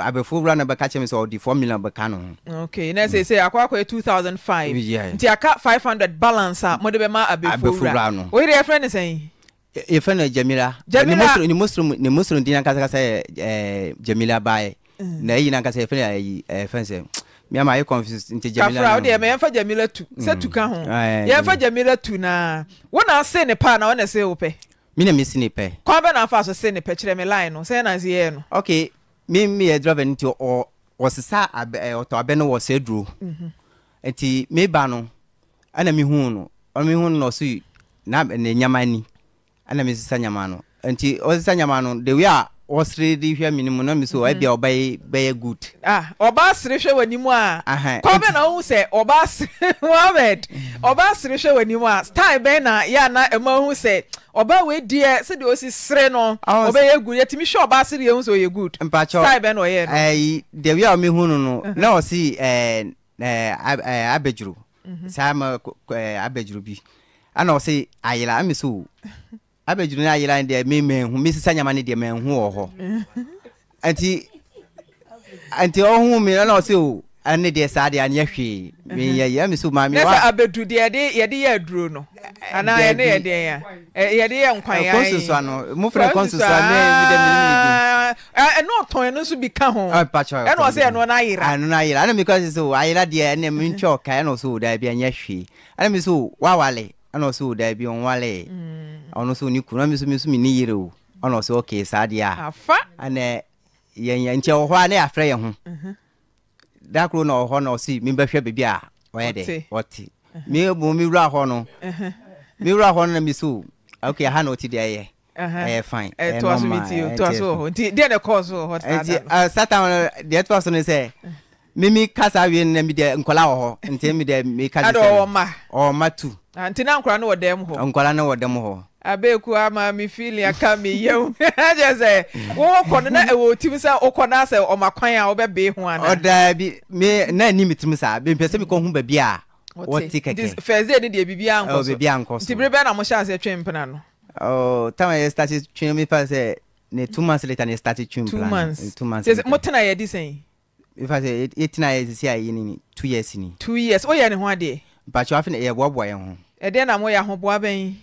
abɛfo wura na bɛka kyɛn mi sɛ ɔde four million bɛka no ho. okay na ɛsɛ ɛsɛ akɔ akɔ yɛ two thousand five. nti aka five hundred balance a mo de bɛ ma abɛfo wura. abɛfo wura no. oyi de yɛ fɛn ne sɛn e fɛn dɔ jamila jamila ni muslim ni muslim di yan kasa kasa eh, jamila ba na e yina kasa fɛn yɛrɛ ɛɛ fɛn sɛ mi ama a ye confuse n tɛ jamila kafura o de yɛ mɛ yɛn fɛ jamila tu sɛ tu kan ho yɛn fɛ jamila tu na wo na se ne pa na wo na se o pɛ. mi na mi si ne pɛ. kɔn bɛ na fa so se ne pɛ kyerɛ mi line no sɛ na se yɛ no. ok mi mi yɛ drɔba ni ti ɔ ɔsisa abɛ ɔtɔ abɛ no wɔ sɛ duro mm-hmm. nti mi ba no ɛna mi hu no ɔno mi no na ɔsi na ne nyamani ɛna mesesa nyama no nti ɔsesa nyama no the way ɔsere de hwɛ me no mu na me so ɛbia mhm. ɔbɛyɛ bɛyɛ good ah, ɔba sere hwɛ w'anim a kɔbɛ na ɔhu sɛ ɔba sere [LAUGHS] mohammed mhm. ɔba sere hwɛ w'anim a style bɛn na yɛ ana ɛma ɔhu sɛ ɔba wei deɛ sɛdeɛ ɔsi sere no ɔbɛyɛ good yɛtumi hwɛ ɔba sere yɛhu sɛ ɔyɛ good style bɛn na ɔyɛ no ɛyi the way a ɔmehu no na ɔsi ɛɛ ɛɛ mhm. saa ma ɛɛ bi ɛna ɔsi ayela ɛmɛ so [LAUGHS] abɛgyina no ayera no deɛ me mahu mesesa nyama no deɛ mahu wɔ hɔ [LAUGHS] nti nti ɔhu me na ɔsɛ o ɛne deɛ saa deɛ anyɛ hwee uh-huh. meyɛyɛ me so mame sɛ abɛdu deɛ yɛde yɛ aduro no anaa yɛne yɛdeɛ yɛde yɛ e, nkwankonsusua eh, no mofrɛ konsusua ɛne ɔtɔn no nso bi ka ho ɛne ah, ɔsɛ ɛno eh. no ayera ɛno no ayera ɛne meka sɛ sɛ ayera deɛ ɛne mentwɛ ɔkae ɛne ɔsɛ o daa bi anyɛ hwee ɛne me so wawale ɛne ɔsɛ o daa bi ɔnwale ɔno nso ne kunu ame nso me nso me ne yere o ɔna ɔsɛ ɔkee saa deɛ a ɛnɛ yɛn nkyɛn wɔ hɔ a ne yɛafrɛ yɛn ho mhm. da na ɔwɔ hɔ na ɔsi mi bɛhwɛ baabi a ɔyɛ dɛ ɔte mi bu mi wura hɔ no mi mhm. wura hɔ no na mi so ok aha na ɔte deɛ yɛ mhm. ɛyɛ fine ɛyɛ normal ɛyɛ tɛ deɛ de kɔɔ so wɔ hɔ nti uh, satan deɛ to so no sɛ mimi kasa awie no na mi deɛ nkɔla wɔ hɔ nti mi deɛ mi ka de sɛ ɔma ɔma tu ah, nti na nkɔla no wɔ dɛm hɔ nkɔla no wɔ dɛm hɔ abeeku ama ah, [LAUGHS] mi fili aka mi yam agye sɛ wɔkɔ no na ɛwɔ tim sɛ wokɔ no asɛ ɔma kwan a wobɛbee ho ana ɔdaa bi me na ani metim saa mempɛ sɛ mekɔhu baabi a wɔte kɛkɛ fɛsde ne deɛ biribia nkɔbiribia nkɔ so nti berɛ bɛɛ na mohyɛ aseɛ twe mpena no tam a yɛ starte twe mefa sɛ ne two months later ne starte twe mpena motena yɛde sɛn mefa sɛ yɛtena yɛ sisi a yɛ ne two years ni two years woyɛ ne ho adeɛ mpakyɛ afe ne yɛboaboa yɛ ho ɛdeɛ na moyɛ ahoboa bɛn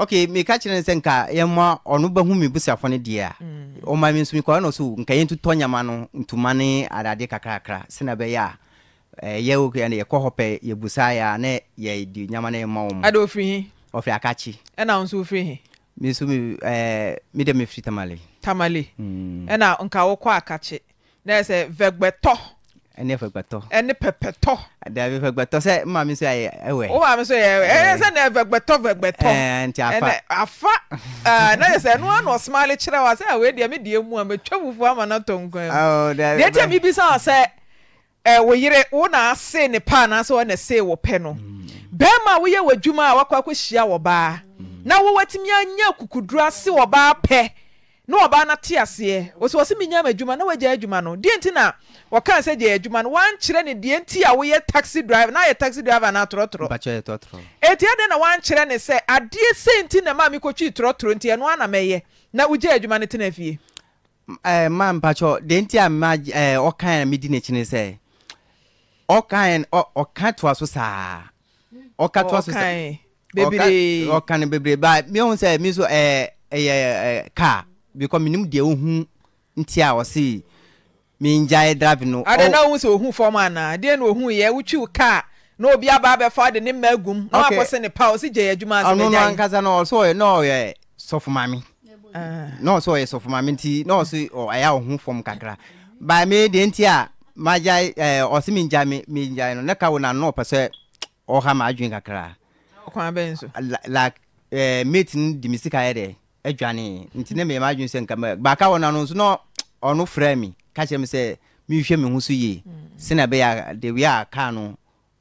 ok meka kyerɛ ne sɛ nka yɛma ɔno bɛhu me busuafo no deɛ a mm. ɔma me nso mekɔɛ no so nka yɛntutɔ nyama no ntoma ne adadeɛ kakrakra sɛna bɛyɛ a eh, yɛyɛkɔ hɔ pɛ yɛbusa yɛ a na yɛde nyama no yɛma wɔ mu ade ɔfiri he ɔfiri akakye ɛna wo nso wofiri he meso medɛ eh, mefiri tamale tamale mm. ɛna nka wokɔ akakye na ɛsɛ vɛgbɛtɔ ɛne fɛgbɛtɔ ɛne pɛpɛtɔ dabi fɛgbɛtɔ sɛ maame so ayɛ ɛwɛ wo maame so yɛ ɛyɛ sɛ na fɛgbɛtɔ fɛgbɛtɔ nti afa ɛnɛ afa na yɛ sɛ ɛnua na ɔsmaale kyerɛ wa sɛ awɛ deɛ mi deɛ mu a mɛtwa fufu ama na tɔ nkwan mu deɛ tia mi bi sa sɛ ɛ wo yere wo na ase ne paa na sɛ ɔna se wɔ pɛ no mm. bɛrima a woyɛ wɔ adwuma a wakɔ akɔhyia wɔ baa na wo watumi anya kukudura wɔ na ɔbaa no te aseɛ wɔsɛ wɔ sɛ menya ma adwuma na wagya adwuma no deɛ nti na wɔkaa sɛ gyae adwuma no wankyerɛ ne deɛ nti a woyɛ taxi driver na ayɛ taxi driver no atorɔtorɔ ɛti adɛn na wankyerɛ ne sɛ adeɛ sɛ nti na ma mekɔtwii torɔtorɔ nti ɛno ana mɛyɛ na wogya adwuma no tena fie eh, ma mpakyɛ deɛ nti a ma eh, ɔkae na medi n'akyi ne sɛ ɔkae ɔka toa so saa ɔka toa so saa bebree ɔka no bebree ba mehu sɛ me so eh, ɛyɛ kaa because minim deɛ ohun nti a ɔsi mingyae drive no. ade na ohun sɛ ohun fam ana deɛ na ohun yɛ kaa na obi aba abɛfa de ne mma egum na wakɔ se ne pa ɔsi gye adwuma ɔno nankasa na ɔsɔ ɔyɛ na ɔyɛ ah. na kakra baami deɛ nti a ɛɛ ɔsi mi no ka wo na no ɔha ma kakra. ɔkwan so. la eh, adwane nti ne mmɛma adwene sɛ nka baaka wɔ no nso na ɔno frɛ me ka kyerɛ me sɛ mehwɛ me ho so yie mm. sɛna ɛbɛyɛ de wie a kaa no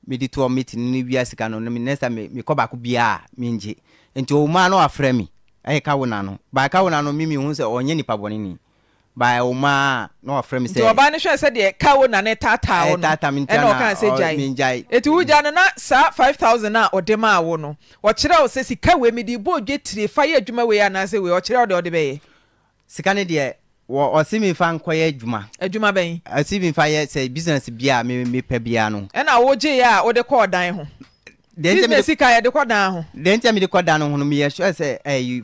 mede toɔ meti no ne wia sika no nesa mekɔ baako biaa mengye nti ɔwɔ mu a na wafrɛ me ɛyɛ ka wo na baaka wo na no memehu sɛ ɔnyɛ nipa bɔne ni by ọma na wafrɛ mi sɛ. nti ɔbaa ni hwɛ sɛ deɛ kawo na ne taataa wɔ no taataa mi ntia na ɔka sɛ gya yi etu wugya no na saa five thousand a ɔde maa wɔ no ɔkyerɛ wo sɛ sika wei mi de bɔ odwe tire fa yɛ adwuma wei anaasɛ wei ɔkyerɛ ɔde ɔde bɛyɛ. sika ne deɛ wɔ ɔsi mi fa nkɔyɛ adwuma. adwuma bɛn. ɔsi mi fa yɛ sɛ business bia mi mi pɛ bia no. ɛna wogye ya a ɔde kɔ ɔdan ho. business sika yɛ de kɔ dan ho. deɛ nti a mi de kɔ dan ho no mi yɛ sure sɛ ɛyi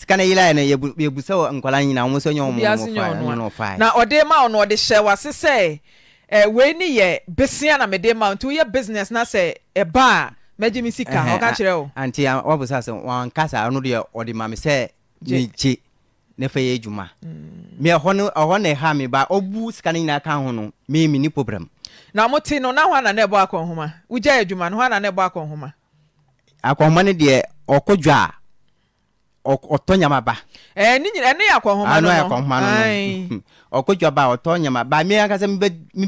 sika na yila no yɛbusa nkwala nyina wo sɛ nyɛ na ɔde ma wo no ɔde hyɛ wase sɛ eh, wei ne yɛ besia na mede ma wo nti woyɛ business na sɛ ɛba eh, a mɛgye me sika ɔka kyerɛ wo anti wabusa sɛ wankasa ɔno deɛ ɔde ma me sɛ megye ne fɛ yɛ adwuma mm. me ɛhɔ no ɛhɔ na ɛha me ba ɔbu sika no ka ho no me menni problem na mote no na hɔ ana na ɛbɔ akɔnhoma wogya adwuma no hɔ ana na ɛbɔ akɔnhoma akɔnhoma no deɛ ɔkɔ ɔtɔ ɛɛ ne nyina ne no [LAUGHS] ɔtɔ mi akasɛ mi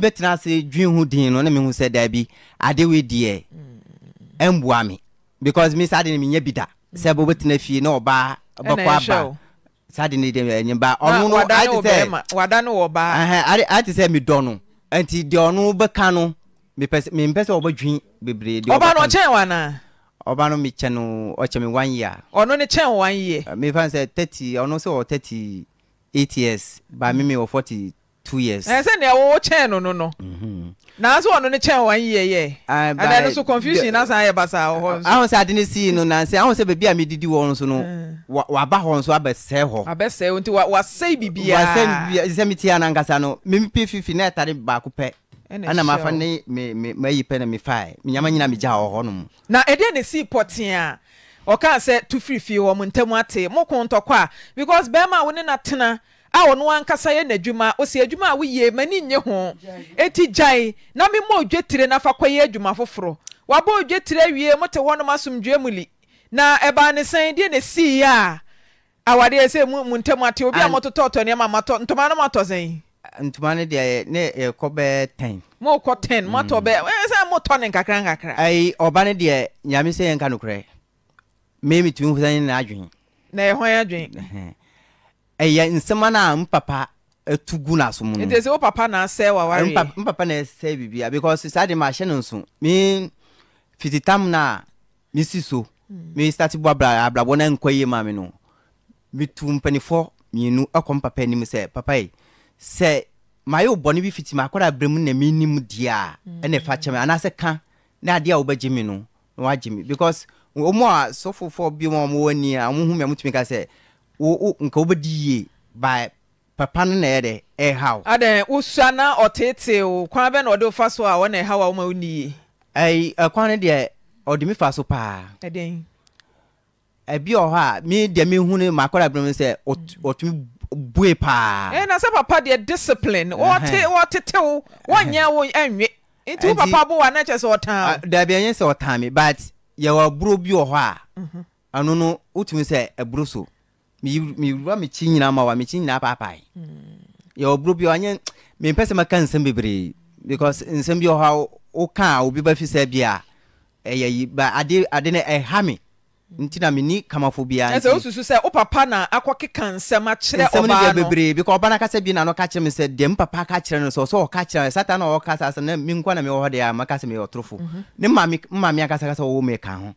bɛ tena ho din no ne mi ho sɛ adewe deɛ mi mm. because mi de ne mi bi da mm. sɛ bɛ tena fie na aba de ne de ba ɔno no ayi ti sɛ wada no wɔ ba ɛhɛn A ti sɛ mi dɔ no nti deɛ ɔno bɛka no mi mpɛ sɛ ɔbɛ dwi bebree deɛ ɔbɛka no ɔba no ɔkyɛn wa ɔba no mi kyɛn no ɔkyɛn mi one year. ɔno ne kyɛn one year. Uh, mi fa sɛ thirty ɔno sɛ ɔ thirty eight years ba mi mi wɔ forty two years. ẹ sẹ ni ẹ wo kyẹn no no no. Mm-hmm. nanso ọno ne kyẹn wọn yie yẹ. ẹdá uh, ẹni so confusion náà sàn ayẹ basa ọhọ nso. ahun sẹ adi ni si no nansi ahun sẹ beebi a mi didi wọ nso no wa ba hɔ nso abɛsɛɛ hɔ. abɛsɛɛ nti wa wa sɛɛ bibiara. wa sɛɛ bibiara sɛ mi ti yan nankasa no mi pi fifi na ɛtari ɛna mafa ne mayi pɛ na mefae menyama nyina megya wɔ hɔ no na ɛdeɛ ne sii pɔtee a ɔkaa sɛ to firifie wɔ mo ntam ate moko ntɔkɔ a because bɛrima a wo ne na tena a ɔno ankasa yɛ n'adwuma ɔsi adwuma a woyie m'ani nye ho eti gyae na mema odwe tire na fa kɔyɛ adwuma foforɔ wabɔ odwe tire mote hɔnom asomdwe mu li na ɛbaa ne sɛn deɛ ne sii a awadeɛ sɛ mu ntam ate obi a nneɛma ntoma no ntoma no deɛ ne yɛkɔ bɛɛ ten. mo kɔ ten mm. mo atɔ bɛɛ ɛ sɛ mo tɔ ne nkakra nkakra. ayi ɔba no deɛ nyame sɛ yɛn ka nokorɛ mɛmi tumi hosan ne n'adwene. na ɛhɔ yɛ adwene. ɛyɛ nsɛm na mpapa etu gu n'aso mu no. nti sɛ o papa na asɛ wawari. mpa mpapa na ɛsɛ bibia because saa de ma ahyɛ ne nso mi fiti tam na mi si so mi mm. start bɔ abrabɔ na nkɔ yie maa mi no mi tu mpanimfoɔ mienu ɛkɔ mpapa anim sɛ papa yi. sɛ mayɛ wobɔne bi fiti maakɔda berɛmu na menim deɛ a mm. ɛna ɛfa kyɛme anaasɛ ka na adeɛ a wobɛgye me no na wagye me because ɔmu a sɔfofoɔ bi ma ɔmowɔ ani a ɔmohu mi a motumi ka sɛ nka wobɛdi yie by papa no na ɛyɛ dɛ ɛhaw adɛn wosua na ɔteetee kwan bɛ na ɔde wofa so a wɔna ɛhaw a woma wo nie ɛyi ɛkwan no deɛ ɔde me fa so paa ɛdɛn ɛbi wɔ hɔ a me deɛ mehu no maakɔda berɛmu sɛ mm. ɔtumi bue paa. ẹ eh, na sẹ papa deɛ discipline wɔte wɔtetew wɔnyɛ wo ɛnwe nti wo papa bo wa na kyɛ sɛ ɔtaa. Ah, dabi ɛnyɛ sɛ ɔtaa mi but yɛwɔ aburo bi wɔ hɔ a mhm. ano no wotumi sɛ aburo so miwura mi kyi nyinaa ma wa mi kyi nyinaa paapaae hmm. yɛwɔ aburo bi wɔ anyɛ mempɛ sɛ maka nsɛm bebree because nsɛm bi wɔ hɔ a woka a obi bɛfi sɛ bi a ɛyɛ yi ba ade ade no ɛha mi. Mm. nti na mini kamafo bia nti ɛsɛ osusu sɛ wo papa na akɔkeka nsɛm akyerɛ ɔbaa no nsɛm no bebree bi ka ɔba no bi na no ka kyerɛ me sɛ dɛm papa ka kyerɛ no sɛ ɔsɛ ɔka no sata na ɔkasa sɛ na me nkwa na mewɔ hɔ deɛ a kasa sɛ meyɛ ɔtorofo mhm. ne mmame akasakasa wɔwɔ me ka ho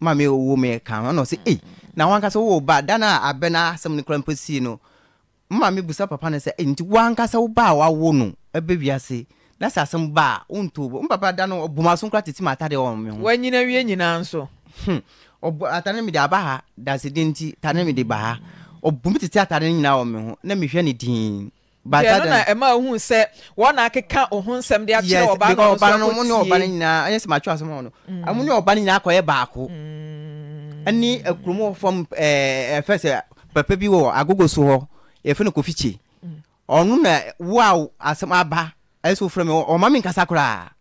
mmame wɔwɔ me ka ho ɛna ɔsɛ ei na wankasa wowɔ ba da no a abɛ no asɛm no kora mpo sii no mmame busa papa no sɛ ei nti wankasa wo ba a wawo no ɛbɛ wiase na sɛ asɛm ba a wonto wo papa da no ɔbomaso nkora tete maatadeɛ wɔ me ho wanyina wie nyinaa nso hmm ɔbɔ atare mi de aba ha dasede nti tare mi de ba ha ɔbɔ mi tete atare nyinaa wɔ mi ho na mi hwɛ ne diin. bàtà dɛ na ɛma ohun sɛ wɔn na akeka ohun nsɛm de akyerɛ ɔba no nso akɔtie yes because ɔba no mu ne ɔba no nyinaa ɛyɛ sɛ ma atwa asɛm wɔn no mu mm. ne ɔba no nyinaa akɔyɛ baako mm. ɛne akurumu fam ɛɛ eh, ɛfɛ eh, sɛ pɛpɛ bi wɔ agogo so hɔ yɛfɛ no kofikye mm. ɔno na wo a asɛm aba ɛyɛ sɛ ofura mi ɔma mi nkasa koraa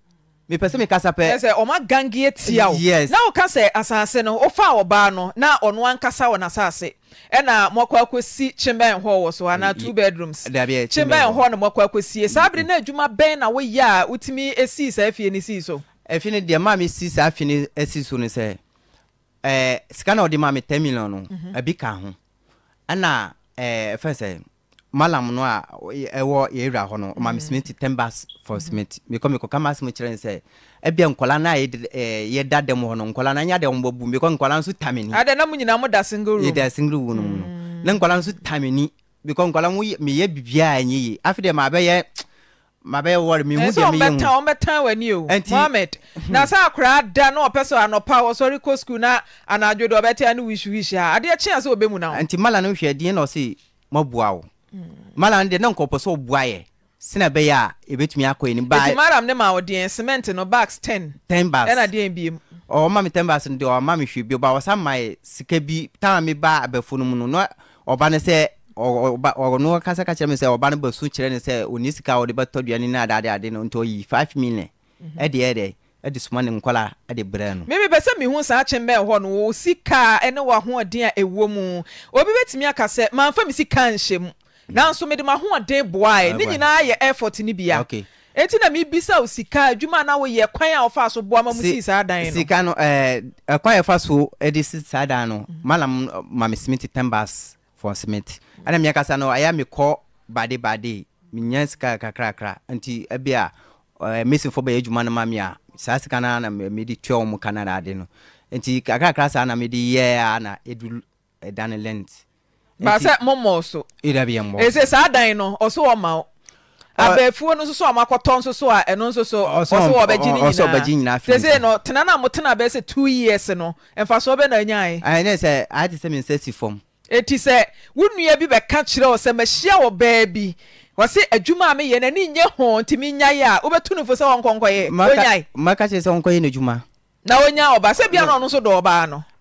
mepɛ sɛ meka sapɛ sɛ ɔma gangie tia wo yes. na woka sɛ asase no wofa ɔbaa no na ɔno ankasa wɔ n'asase ɛna mɔkɔ akɔsi chimbɛn hɔ wɔ so anaa two bedrooms chimbɛn hɔ na mɔkɔ akɔsie saa bere na adwuma bɛn na woyɛ a wotumi esii saa fie no sii so efi ne deɛ maa si saa fie no esi so no sɛ ɛɛ sika na ɔde maa ten million no mhm. ebi ka ho ɛna ɛɛ fɛn sɛ malam no a ɛwɔ yɛwura hɔ no ɔma me simenti mm. ten for simenti mm-hmm. mekɔ mekɔka ma asɛm kyerɛ ne sɛ ebia nkɔla no a eh, yɛda dɛm hɔ no nkɔla no anyɛ dɛm bɔbu mekɔ nkɔla nso tameni adɛ na mo nyinaa moda single room yɛda single room no mu no na nkɔla nso tameni mekɔ nkɔla mo meyɛ biribiaa ɛnyɛ ye afei deɛ maabɛyɛ mabɛyɛ wɔre mehu eh, deɛ meyɛ hu ɔmbɛtan w'ani o mohamed na sɛ akoraa da na ɔpɛ sɛ anɔpa wɔsɔre kɔ skul na anadwo de ɔbɛtea ne wishwish a adeɛ kyea sɛ ɔbɛmu na ho nti mala no hwɛ deɛ na ɔse mabua wo malam deɛ na nkɔpɔ sɛ ɔboa yɛ sena bɛyɛ a ɛbɛtumi akɔ yɛ ni madam ne ma ɔdeɛ cement no bags ten ten bags ɛna deɛ biem ɔma me ten bags no deɛ ɔma me hwɛ bio ba ɔsa ma sika bi tam me ba abɛfo no mu no na ɔba no sɛ ɔno kasa ka kyerɛ me sɛ ɔba no bɛsu kyerɛ ne sɛ ɔni sika ɔde bɛtɔ duane no adeadeade no nti ɔyi five million mhm. ɛdeɛ ɛdɛ ɛde soma ne nkɔla ɛde brɛ no. mímí bɛsɛ mihu saa kyen hɔ no wò sika ɛne wɔ ahoɔden a ɛwɔ mu obi bɛtumi aka sɛ màá fẹ́ mi sika nhyɛ mu nanso mede ma m'ahoɔden boae ah, ne nyinaa yɛ airfort no bia ɛnti na mebisa wo sika adwuma na woyɛ kwan a wɔfa so boa ma mu sii saa dan sika no ɛkwan eh, eh, yɛfa so eh, de si saa dan no mhm. malam mame smith tembas for smith ɛna meɛkasa no ɛyɛ mekɔ bade bade menya sika kakrakra nti abia mesinfo bɛyɛ adwuma no ma me a saa sika no na mede tua wɔ mu canada ade no nti kakrakra saa na mede yɛ a na ɛdu ɛda lent baasa mɔmɔ so edabi mɔ ese saa dan no ɔso wɔ ma o abɛɛfuo no nso so a wakɔtɔ nso so a ɛno nso so ɔso wɔ ɔbɛgye ne nyinaa ɔso ɔbɛgye nyinaa fɛn sɛ no tena na mo tena bɛɛ sɛ two years no mfasoɔ bɛ na nya yi. ayi ne sɛ ayi ti sɛ mi nsa si fam. eti sɛ wo nua bi bɛka kyerɛ wɔ sɛ mɛhyia wɔ baabi wɔsi adwuma a meyɛ n'ani nye hɔn ntumi nya yi a wobɛtu ne fo sɛ wɔn nkɔnkɔ yɛ onya yi. mmaka kyerɛ sɛ wɔnkɔ yɛ n'adwuma. na onya ɔbaa sɛ bia na ɔno nso dɔ ɔbaa no.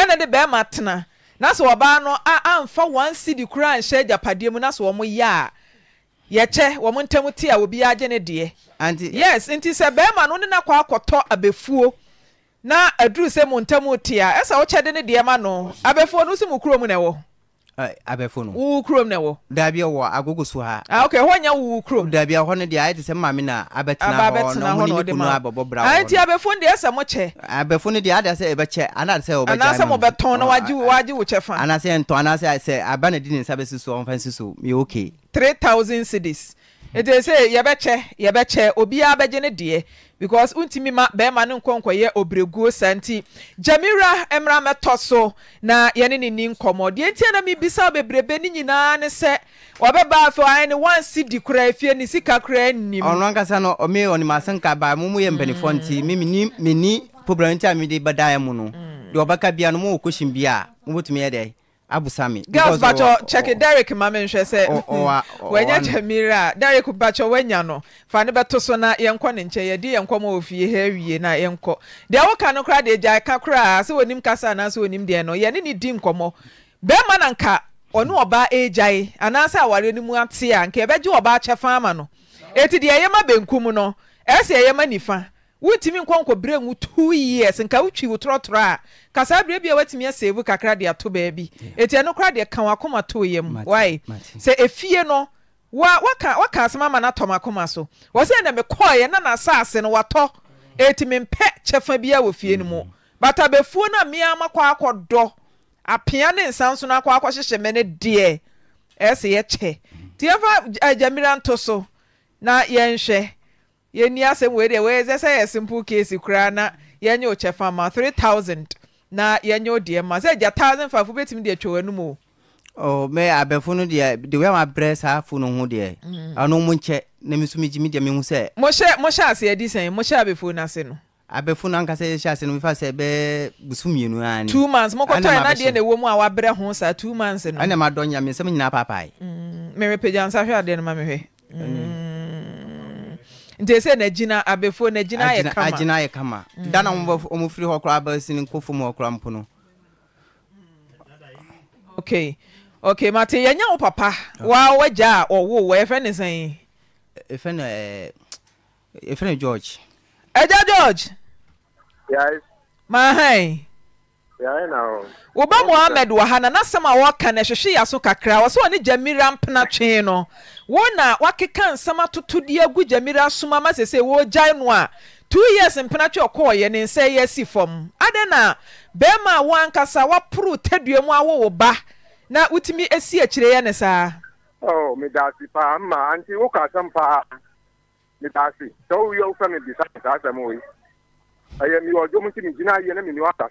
ɛna de bɛrima tena na sɛ ɔbaa no a amfa wɔn sidi kura nhyɛ agyapadeɛ mu na sɛ wɔn yɛ a yɛkyɛ wɔn ntam te a obi agye ne deɛ. anti yes nti sɛ bɛrima no ne na kɔ akɔtɔ abɛfuo na aduru sɛ mu ntam te a ɛsɛ ɔkyɛ de ne deɛ ma no abɛfuo no si mu kurom na ɛwɔ. Eh, abɛfo no wo kurom na ɛwɔ daabia wɔ agogo so ha ah, okay hɔ nya wo kurom daabia hɔ no deɛ ayɛ te sɛ mame no abɛtena hɔ na ho ne ne kunu abɛbɔ bra ah, hɔ nti abɛfo no deɛ ɛsɛ mo kyɛ abɛfo no deɛ ada sɛ ɛbɛkyɛ anaade sɛ wɔbɛgya anaasɛ mobɛtɔn na wagye wagye wo kyɛ fa anaasɛ ɛntɔ anaasɛ sɛ aba na di ne nsa bɛsi so ɔmfa nsi so meyɛ okay 3000 cities ɛti sɛ yɛbɛkyɛ yɛbɛkyɛ obiara bɛgye ne deɛ because ntumi ma bɛrima no nkɔnkɔyɛ obreguo saa nti gyamira mmerɛ mɛtɔ so na yɛne ne ni nkɔmmɔ deɛ nti na mebisa bebrebe ne nyinaa ne sɛ wɔbɛba afei ayɛ ne wansi di koraa fie ne sika koraa nnim ɔno ankasa no me ɔnimaase nka baa mo mu yɛ mpanifoɔ nti me menni menni problem nti a mede bɛdaeɛ mu no mm. deɛ ɔbɛka bia no mo wɔ kɔhyim bia mobɛtumi yɛ abusami. girls bàtọ check oh. derek mami nhwẹ sẹ wẹnyẹ jẹmiri a derek bàtọ wẹnya no fani bẹ to so na yẹn kọ ne nkyɛn yɛdi yɛn nkɔmɔ wɔ fie ha wie na yɛn kɔ deɛ wɔka no koraa deɛ gya ka koraa sɛ wɔnim kasa anaasɛ wɔnim deɛ no yɛne ne di nkɔmɔ bɛrima na nka ɔne ɔbaa egyae anaasɛ awari ne mu ate a nka yɛbɛgye ɔbaa kyɛ faama no eti deɛ ɛyɛ ma benkum no ɛsɛ ɛyɛ ma nifa wotumi nkɔ nkɔbrɛ mu two years nka wotwi wo torɔtorɔ a ka saa berɛ bi a woatumi asɛvu kakra de ato baabi ɛti ɛno kora deɛ ka wakoma too yɛ mu wae sɛ ɛfie no wa waka waka asɛm ama no atɔ makoma so wɔ sɛ ɛnɛ mekɔɔyɛ na nasaase no watɔ ɛti mempɛ kyɛfa biaa wɔ fie no mu mm. bata bɛfuo no a mmea makɔ akɔdɔ apea ne nsa nso no akɔ akɔhyehyɛ mɛ no deɛ ɛsɛ yɛkyɛ mm. nti yɛmfa agyamira nto so na yɛnhwɛ yɛnni asɛm wei deɛ wɔyɛ sɛ sɛ yɛ simple case koraa na yɛnyɛ o kyɛ fama three thousand na yɛnyɛ o deɛ ma sɛ gya thousand faafo bɛtumi deɛ twɛ wɔn mu o. o mɛ abɛfo no deɛ de wia ma mm. brɛ saa fo no ho deɛ ɔno mo nkyɛ na mi nso mi gyi mi deɛ mi ho sɛ. mo hyɛ mo hyɛ sɛn mo hyɛ abɛfo n'ase no. abɛfo no ankasa yɛ hyɛ ase no mefa sɛ bɛɛ busu mmienu a ne two months mokɔtɔ ɛ na deɛ na ɛwɔ mu a wabrɛ ho saa two months no ɛna madɔ nyame nsɛm nyinaa paapae merepagya mm, nsa hwɛ adeɛ no ma mehwɛ mm nti ɛsɛ n'agyina abɛfo n'agyina ayɛ kama agyina ayɛ kama mm. da na wɔn firi hɔ koraa abɛsi ne nkofo mu hɔ mpo no. okay okay mate yɛnya wo papa wa wagya a ɔwo wɔ yɛfɛ ne sɛn. efɛ no eh, ɛɛ efɛ no george. ɛgya george. yes. maa hɛn. woba Muhammed wɔ ha na n'asɛm a wɔka na ɛhwehwe yɛ aso kakra wɔ sɛ wɔne gyamira mpena twee no wɔn na wakeka nsɛm atoto de agu gyamira soma ma sese wɔregyae no a two years mpena twee ɔkɔɔyɛ ne nsa yɛ asi fam adɛn na bɛrima a wɔn ankasa waporo tadua mu awo wo ba na wotumi esi akyire yɛ ne saa. ɔɔ oh, medaase paa mma anti wokɔ asɛm paa medaase sɛ wowie wofɛ me bisa saa asɛm wei ɛyɛ mewɔ dwom nti megyina ayɛ na meni w'asase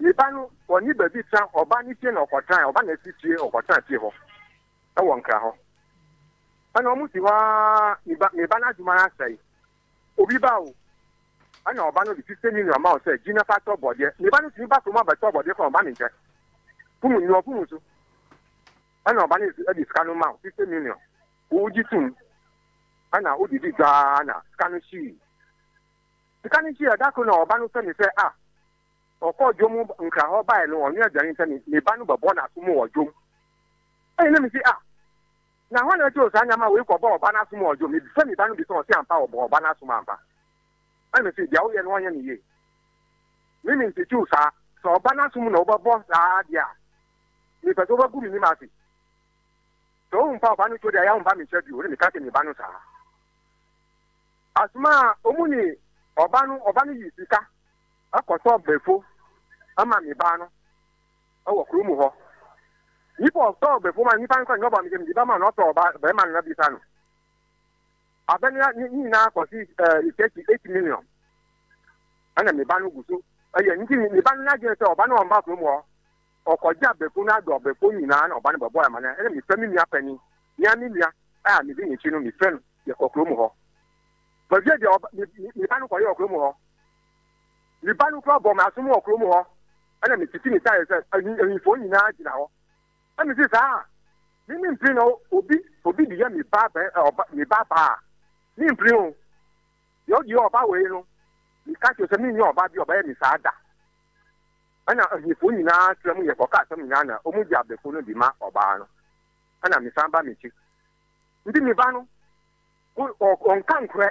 nipa no wɔne baabi tra ɔbaa ne fie na ɔkɔtran ɔbaa na esi fie ɔkɔtran fie hɔ ɛwɔ nkra hɔ ɛna ɔmo si hɔ aa niba niba n'adwuma n'asɛe obi ba o ɛna ɔbaa no de fifteen million ma ɔsɛ gyina fa niba no tumi ba so mu abɛtɔ bɔdeɛ fɔ ɔbaa ne nkyɛn fumu nyina ɔfumu so ɛna ɔbaa no sika no ma o tum gbaa na sika no sika no na no ɔkɔ dwom nkra hɔ bae no ɔne aduane sɛ ne ba no bɛbɔ n'aso mu wɔ na mesi a na hɔ na saa a kɔbɔ ɔba mu wɔ dwom ba no bi sɛ ɔse ampa ɔba mu ampa na mesi deɛ woyɛ no ne yie saa sɛ ɔba na wobɛbɔ saa deɛ a sɛ mi ase sɛ wohu mpa ɔba no deɛ mekyɛ bio ne meka sɛ no saa asoma a ɔmu ne ɔba akɔtɔ ọbefo ama mi ba no ɛwɔ kurom ɔtɔ ma nipa nkɔ mi sɛm diba n'ɔtɔ na ɔtɔ ɔba bɛrima no bi sa no eh, ɛna mi ba no gu so ɛyɛ nti mi ba no sɛ ɔba no kurom nyinaa na ɔba no bɛbɔ ɛma no ɛna mi fɛ mi nua mi a mi di no mi fɛ no yɛ kɔ kurom hɔ nipa no kura bɔ mɛ asom wɔ kurom hɔ ɛna ne titi ne tae sɛ ahimfo nyinaa gyina hɔ ɛna sɛ saa mimi mpiri na obi obi de yɛ mi ba bɛ ɔba mi ba paa mi mpiri o yɛ ɔdi yɛ ɔba wɔ yi no mi ka kyerɛ sɛ mi nyɛ ɔba bi ɔba yɛ mi saa da ɛna ahimfo nyinaa kyerɛ mu yɛ kɔka asɛm nyinaa na ɔmu di abɛfo no bi ma ɔbaa no ɛna mi san ba mi kyi nti mi ba no ɔnka nkorɛ.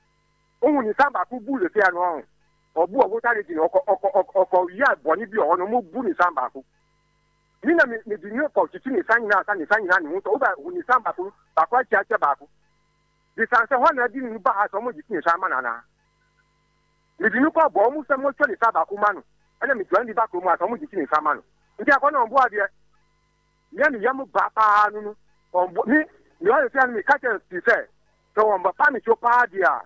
ohun ní sábà kú fi sí àná ọ̀hún ọ̀bú ọ̀gbọ́tàlẹ̀ jìnnà ọkọ̀ ọkọ̀ ọkọ̀ yí àgbọ̀ níbi ọ̀hún mú bú ní sábà kú. nínà mi ní ọkọ̀ òtítù ní sáyìn náà sáyìn sáyìn náà nìhun tó ó ní sábà kú bàkú àti àti bàkú. dìsánsẹ́ wọn náà dín ní bá aṣọ ọmọ jìkì ní sáà nàná. mìdí ní kọ́ bọ̀ ọmú ní sábà kú mánu mi jọ̀ọ́ ní bá kúrò mu aṣọ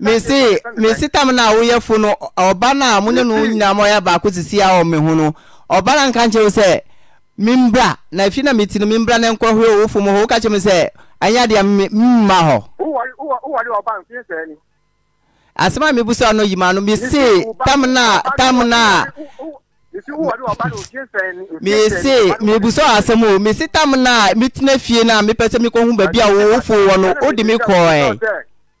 mesi mesi tam na woyɛ fo no ɔba no a monyɛ no nyinaa ma ya baako sisi a ɔme ho no ɔba no nka nkyerɛ wo sɛ membra na afie na meti no mimbra na nkɔ hwɛ wo fo mu hɔ woka kyerɛ me sɛ ɛnyɛ adeɛ mma hɔ asɛm a mebu sɛ ɔno yima no mese tam na tam na mese mebusa asɛm o mese tam na metena fie no a mepɛ sɛ mekɔhu baabi a wo wo fo wɔ no wode me kɔɛ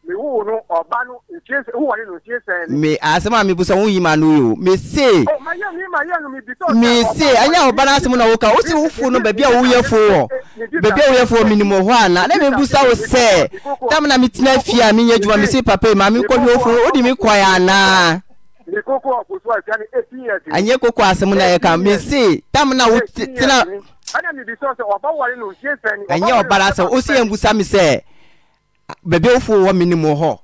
me wo no ọba no ntie sẹ wo wọle no ntie sẹ ni. mi asem mi busa wo yi ma no yi o mi se. ọ ma yẹ mi ma yẹ no mi bi tọ. mi se anya ọba n'asem na woka o si wo fo no beebi a wo yẹ fo wọ beebi a wo yẹ fo mi ni mo hɔ ana ne mi busa wo sɛ dam na mi tena fi a mi yɛ adwuma mi si papa yi ma mi kɔ o fo o di mi kɔ ana. mi koko ọkọsọ ẹfẹ ni eighteen years. anye koko asem na yɛ kan mi se dam na wo tena. ɛnna mi bi sọ sɛ ọba wọle no ntie sẹ ni. ɛnyɛ ọba la sɛ o si yɛ nbusa mi sɛ baabi awofo wɔ mi ni mu hɔ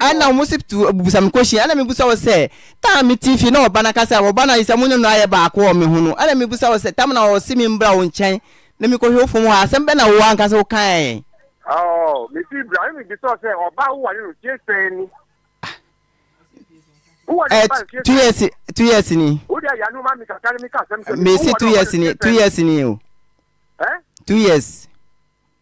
ɛna wɔn si tu busam kɔsi ɛna mi busa wɔ sɛ taa mi ti fi na ɔba na kasa ɔba na isamu ne no ayɛ baako wɔ mi ho no ɛna mi busa wɔ sɛ tam na ɔsi mi mbra wɔn nkyɛn na mi kɔhwɛ ofo mu hɔ asɛm bɛ na wɔ ankasa wɔ kan yɛ. ɔɔ mesi ibrahim bi sɔ sɛ ɔba awo wale no tie sɛn ni. ɛ two years two years ni. o de yanu maa mi kakari mi ka sɛm sɛm. mesi two years ni two years ni o. two years.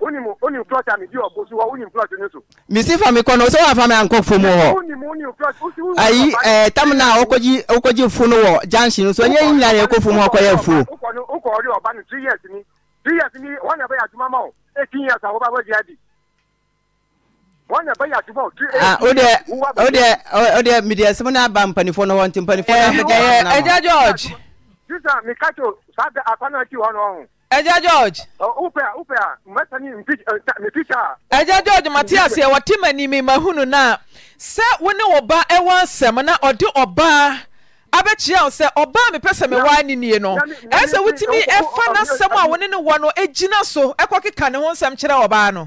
unim unim clutch ami di ọgbọ si wa unim clutch ni so. misi fami kɔnɔ o sɛ wa fami ankɔ fomu wɔ. unim unim clutch o si unim. ayi ɛɛ eh, tamu na okoji okoji funu wɔ jansi so n ye n yɛrɛ ko fomu ɔkɔ yɛ fo. o kɔni o kɔni ɔri ɔba ni three years ni three years ni wọn yɛrɛ bɛ yàtúmọ̀ ma o eighteen years awo bá bɔ diya di. wọn yɛrɛ bɛ yàtúmọ̀ o three years. o de o de o de midiya sɛbɛn n'a ba mpanifɔ n'o wa nti mpanifɔ n'a bɛ jɛ ɛ ɛ ɛ jɛ george. sisan mi ka to sa bɛ a fana ti wɔ n'o ɛgya george ɛgya oh, ah. eh, ah. george matias yɛ wɔte ma nimi mahunu no a sɛ wo ne ɛwɔ nsɛm na ɔde ɔbaa abɛkyia wo sɛ ɔbaa mepɛ sɛ mewaa nọ. nie no ɛɛ sɛ wotumi ɛfa n'asɛm a wo ne ne wɔ no ɛgyina so ɛkɔkeka ne ho nsɛm kyerɛ ɔbaa no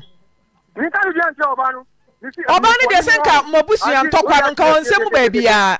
ɔbaa no deɛ sɛ nka mmɔbusua ntɔkwa no nka wɔ nsɛm mu baabiaa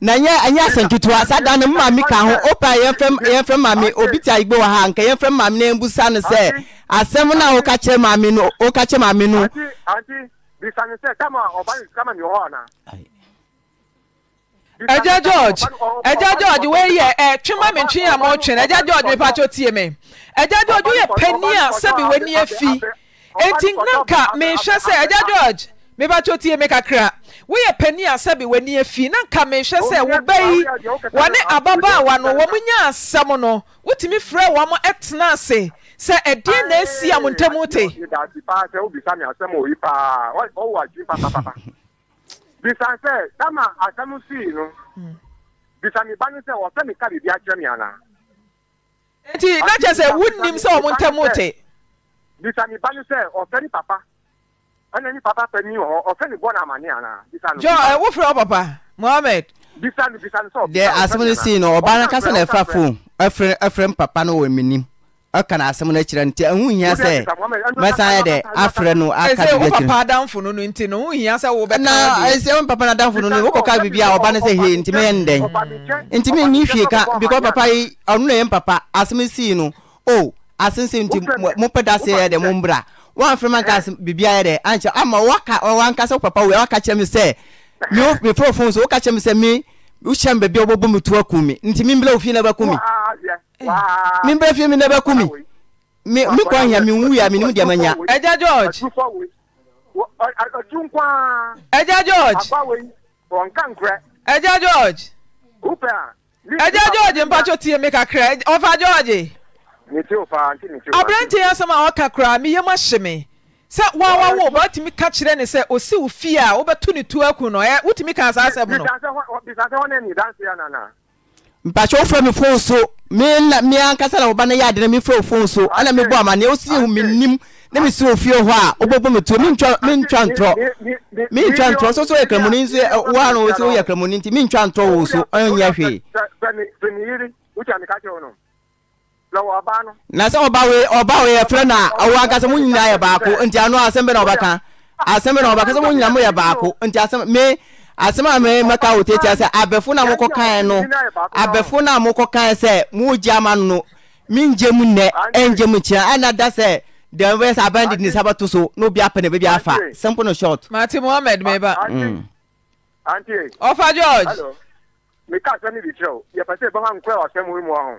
na nye ɛnyɛ asɛnketewa asa da na mma ka ho opa yɛmfɛ yɛmfɛ maame obi te ayigbe wɔ ha nka yɛmfɛ maame na ebusa ne sɛ asɛm na ɔka kyerɛ maame no ɔka kyerɛ maame no. ɛgya george ɛgya george wei yɛ ɛ twema mi ntwi a mo ɛgya george mi tie mi ɛgya george woyɛ panyin a sɛbi w'ani efi mi hwɛ sɛ ɛgya george. mebatwo tie me kakra woyɛ pani a sɛbe w'ani afi na nka mehwɛ sɛ wo ba yi wɔne ababaawa no wɔ mo nya asɛm no wotumi frɛ wɔ mo ɛtena ase sɛ ɛdeɛ na asi a mo ntamu te bisa dama asɛm sii no bisa me ba no sɛ wɔsɛ meka biribi akyerɛ me anaa nti na kyɛ sɛ wonnim sɛ wɔ mo ntamu te bisa ba no sɛ ɔsɛ ne papa ɛna nipa ba pɛ ni wɔ ɔfɛ ni bɔna amani ana bisa no. jɔ ɛ wofiri ɔpapa mohammed. bisa ni bisa ni sɔ. deɛ asɛm no sii no ɔbaa no kasa na ɛfa fon ɛfrɛ ɛfrɛ mpapa no wɔ mminim ɔka na asɛm no akyerɛ nti ɛho hia sɛ mɛsan yɛ dɛ afrɛ no aka biribi akyerɛ papa adamfo no no nti no ho hia sɛ wobɛka na ɛsɛ wo papa no adamfo no no wokɔka a ɔba no sɛ hei ntimi yɛ ndɛn ntimi nni hwie ka because papa yi ɔno na yɛ mpapa asɛm sii no o asensɛm nti mopɛ da sɛ yɛ dɛ mombra wamfrɛ ma nkas biribiayɛ dɛ ancha ama wankasa papa wei waka kyerɛ me sɛ meforɔfo so woka kyerɛ me sɛ me wohyɛ me baabi a wobɛbɔ me to aku mi nti membrɛ wo fie na bɛku me membrɛ fie mi mi bɛku me mi kɔ hia menwu a menim deɛ manya agya george agya george agya george agya george Mpacho tie me kakra ɔfa george aberante yɛ asɛm a ɔka koraa meyɛ mu ahye me sɛ wawawo wo wɔatumi ka kyerɛ ne sɛ ɔsi wo fie a wobɛto ne tu aku no ɛ wotumi ka saa asɛm no mpakyɛ wofrɛ me fon so me ankasa na woba no yɛ ade no mefrɛ wo fon so ana mebɔ amanneɛ wosie wo mennim na mesi wo fie hɔ a wobɛbɔ me tuo mentwa ntorɔ mentwa ntorɔ so so yɛ kramoni nso wo a no wo woyɛ kramoni nti mentwa ntorɔ wo so ɔnyɛ hwee na wɔ ɔbaa no. na sɛ ɔbaa wei ɔbaa wei yɛfrɛ na ɔwɔ ankasa mu nyinaa yɛ baako nti ano asɛm bɛ na ɔbɛka asɛm bɛ na ɔbɛka sɛ mu nyinaa mo yɛ baako nti asɛm me asɛm a me mɛka wò tiatia sɛ abɛfo na mokɔ kan no abɛfo na mokɔ kan sɛ mo gye ama no mi ngye mu nnɛ ɛngye mu nkyɛn ɛna da sɛ dɛm bɛ sɛ abɛn ne saba to so n'obi apɛ na ebi afa simple no short. maati muhammed meba. ɔfa mm. george. mika asɛm ni bi kyerɛw yɛ pɛ sɛ ibama nkura wa asɛm wo mu ahɔn.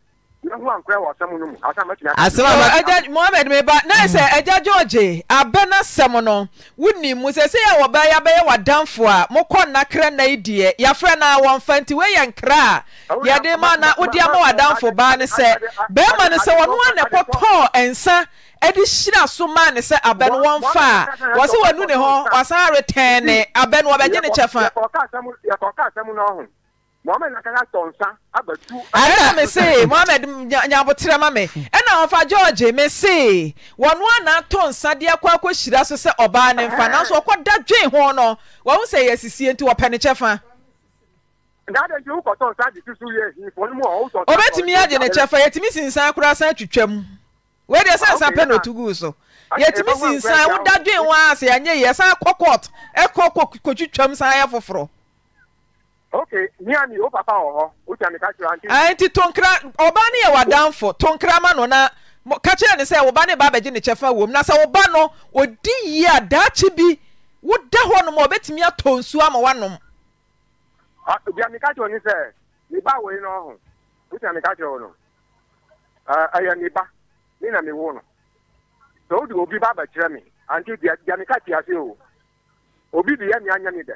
mohammed meba na sɛ ɛgya hmm. george abɛ no sɛm no wonim mu sɛ sɛ yɛ wɔbɛyɛ abɛyɛ w'adamfo a mokɔ nna krɛ nna yi deɛ yɛafrɛ no a wɔmfa nti woyɛ nkra a yɛde ma na wode ama w'adamfo baa ne sɛ bɛrima no sɛ wɔno a na ɛkɔtɔɔ ɛnsa ɛde hyira so maa ne sɛ abɛ no wɔmfa a wɔse wanu ne ho wasan aretɛn ne abɛ no wɔbɛgye ne kyɛfa mohammed nakaka tɔ nsa abatu. ara mi se mohammed nyabotere ma mi ɛna ɔfa george mi se wɔn ana tɔ nsa deɛ kɔ akɔhyira so sɛ ɔbaa ne nfa nanso ɔkɔ da dwen ho no wɔn sɛ yɛ sisie nti wɔpɛ ne kyɛ fa. ndaade nti wokɔ tɔ nsa de tutu yɛ ehi fɔni mu a ɔwɔ tɔ nsa. obetumi agye ne kyɛ fa yɛtumi sinsan koraa san twitwa mu wɔde san san pɛ na otu gu so yɛtumi sinsan woda dwen ho ase yɛnyɛ yɛ san kɔ court ɛkɔ kɔ kotwitwa mu san yɛ foforɔ. oke miami o papa wɔ hɔ o jami ka kyerɛ anti. ayi nti tonkra ɔbaa ne yɛ wadanfo no na kakyɛ ne sɛ ɔbaa ne ba abɛgye ne kyɛfa wɔ mu na sɛ ɔba no odi yie a daakye bi woda hɔ nom a ɔbɛtumi atɔ nsuo ama wanom. ba na obi ba yɛ ne anya ne dɛ.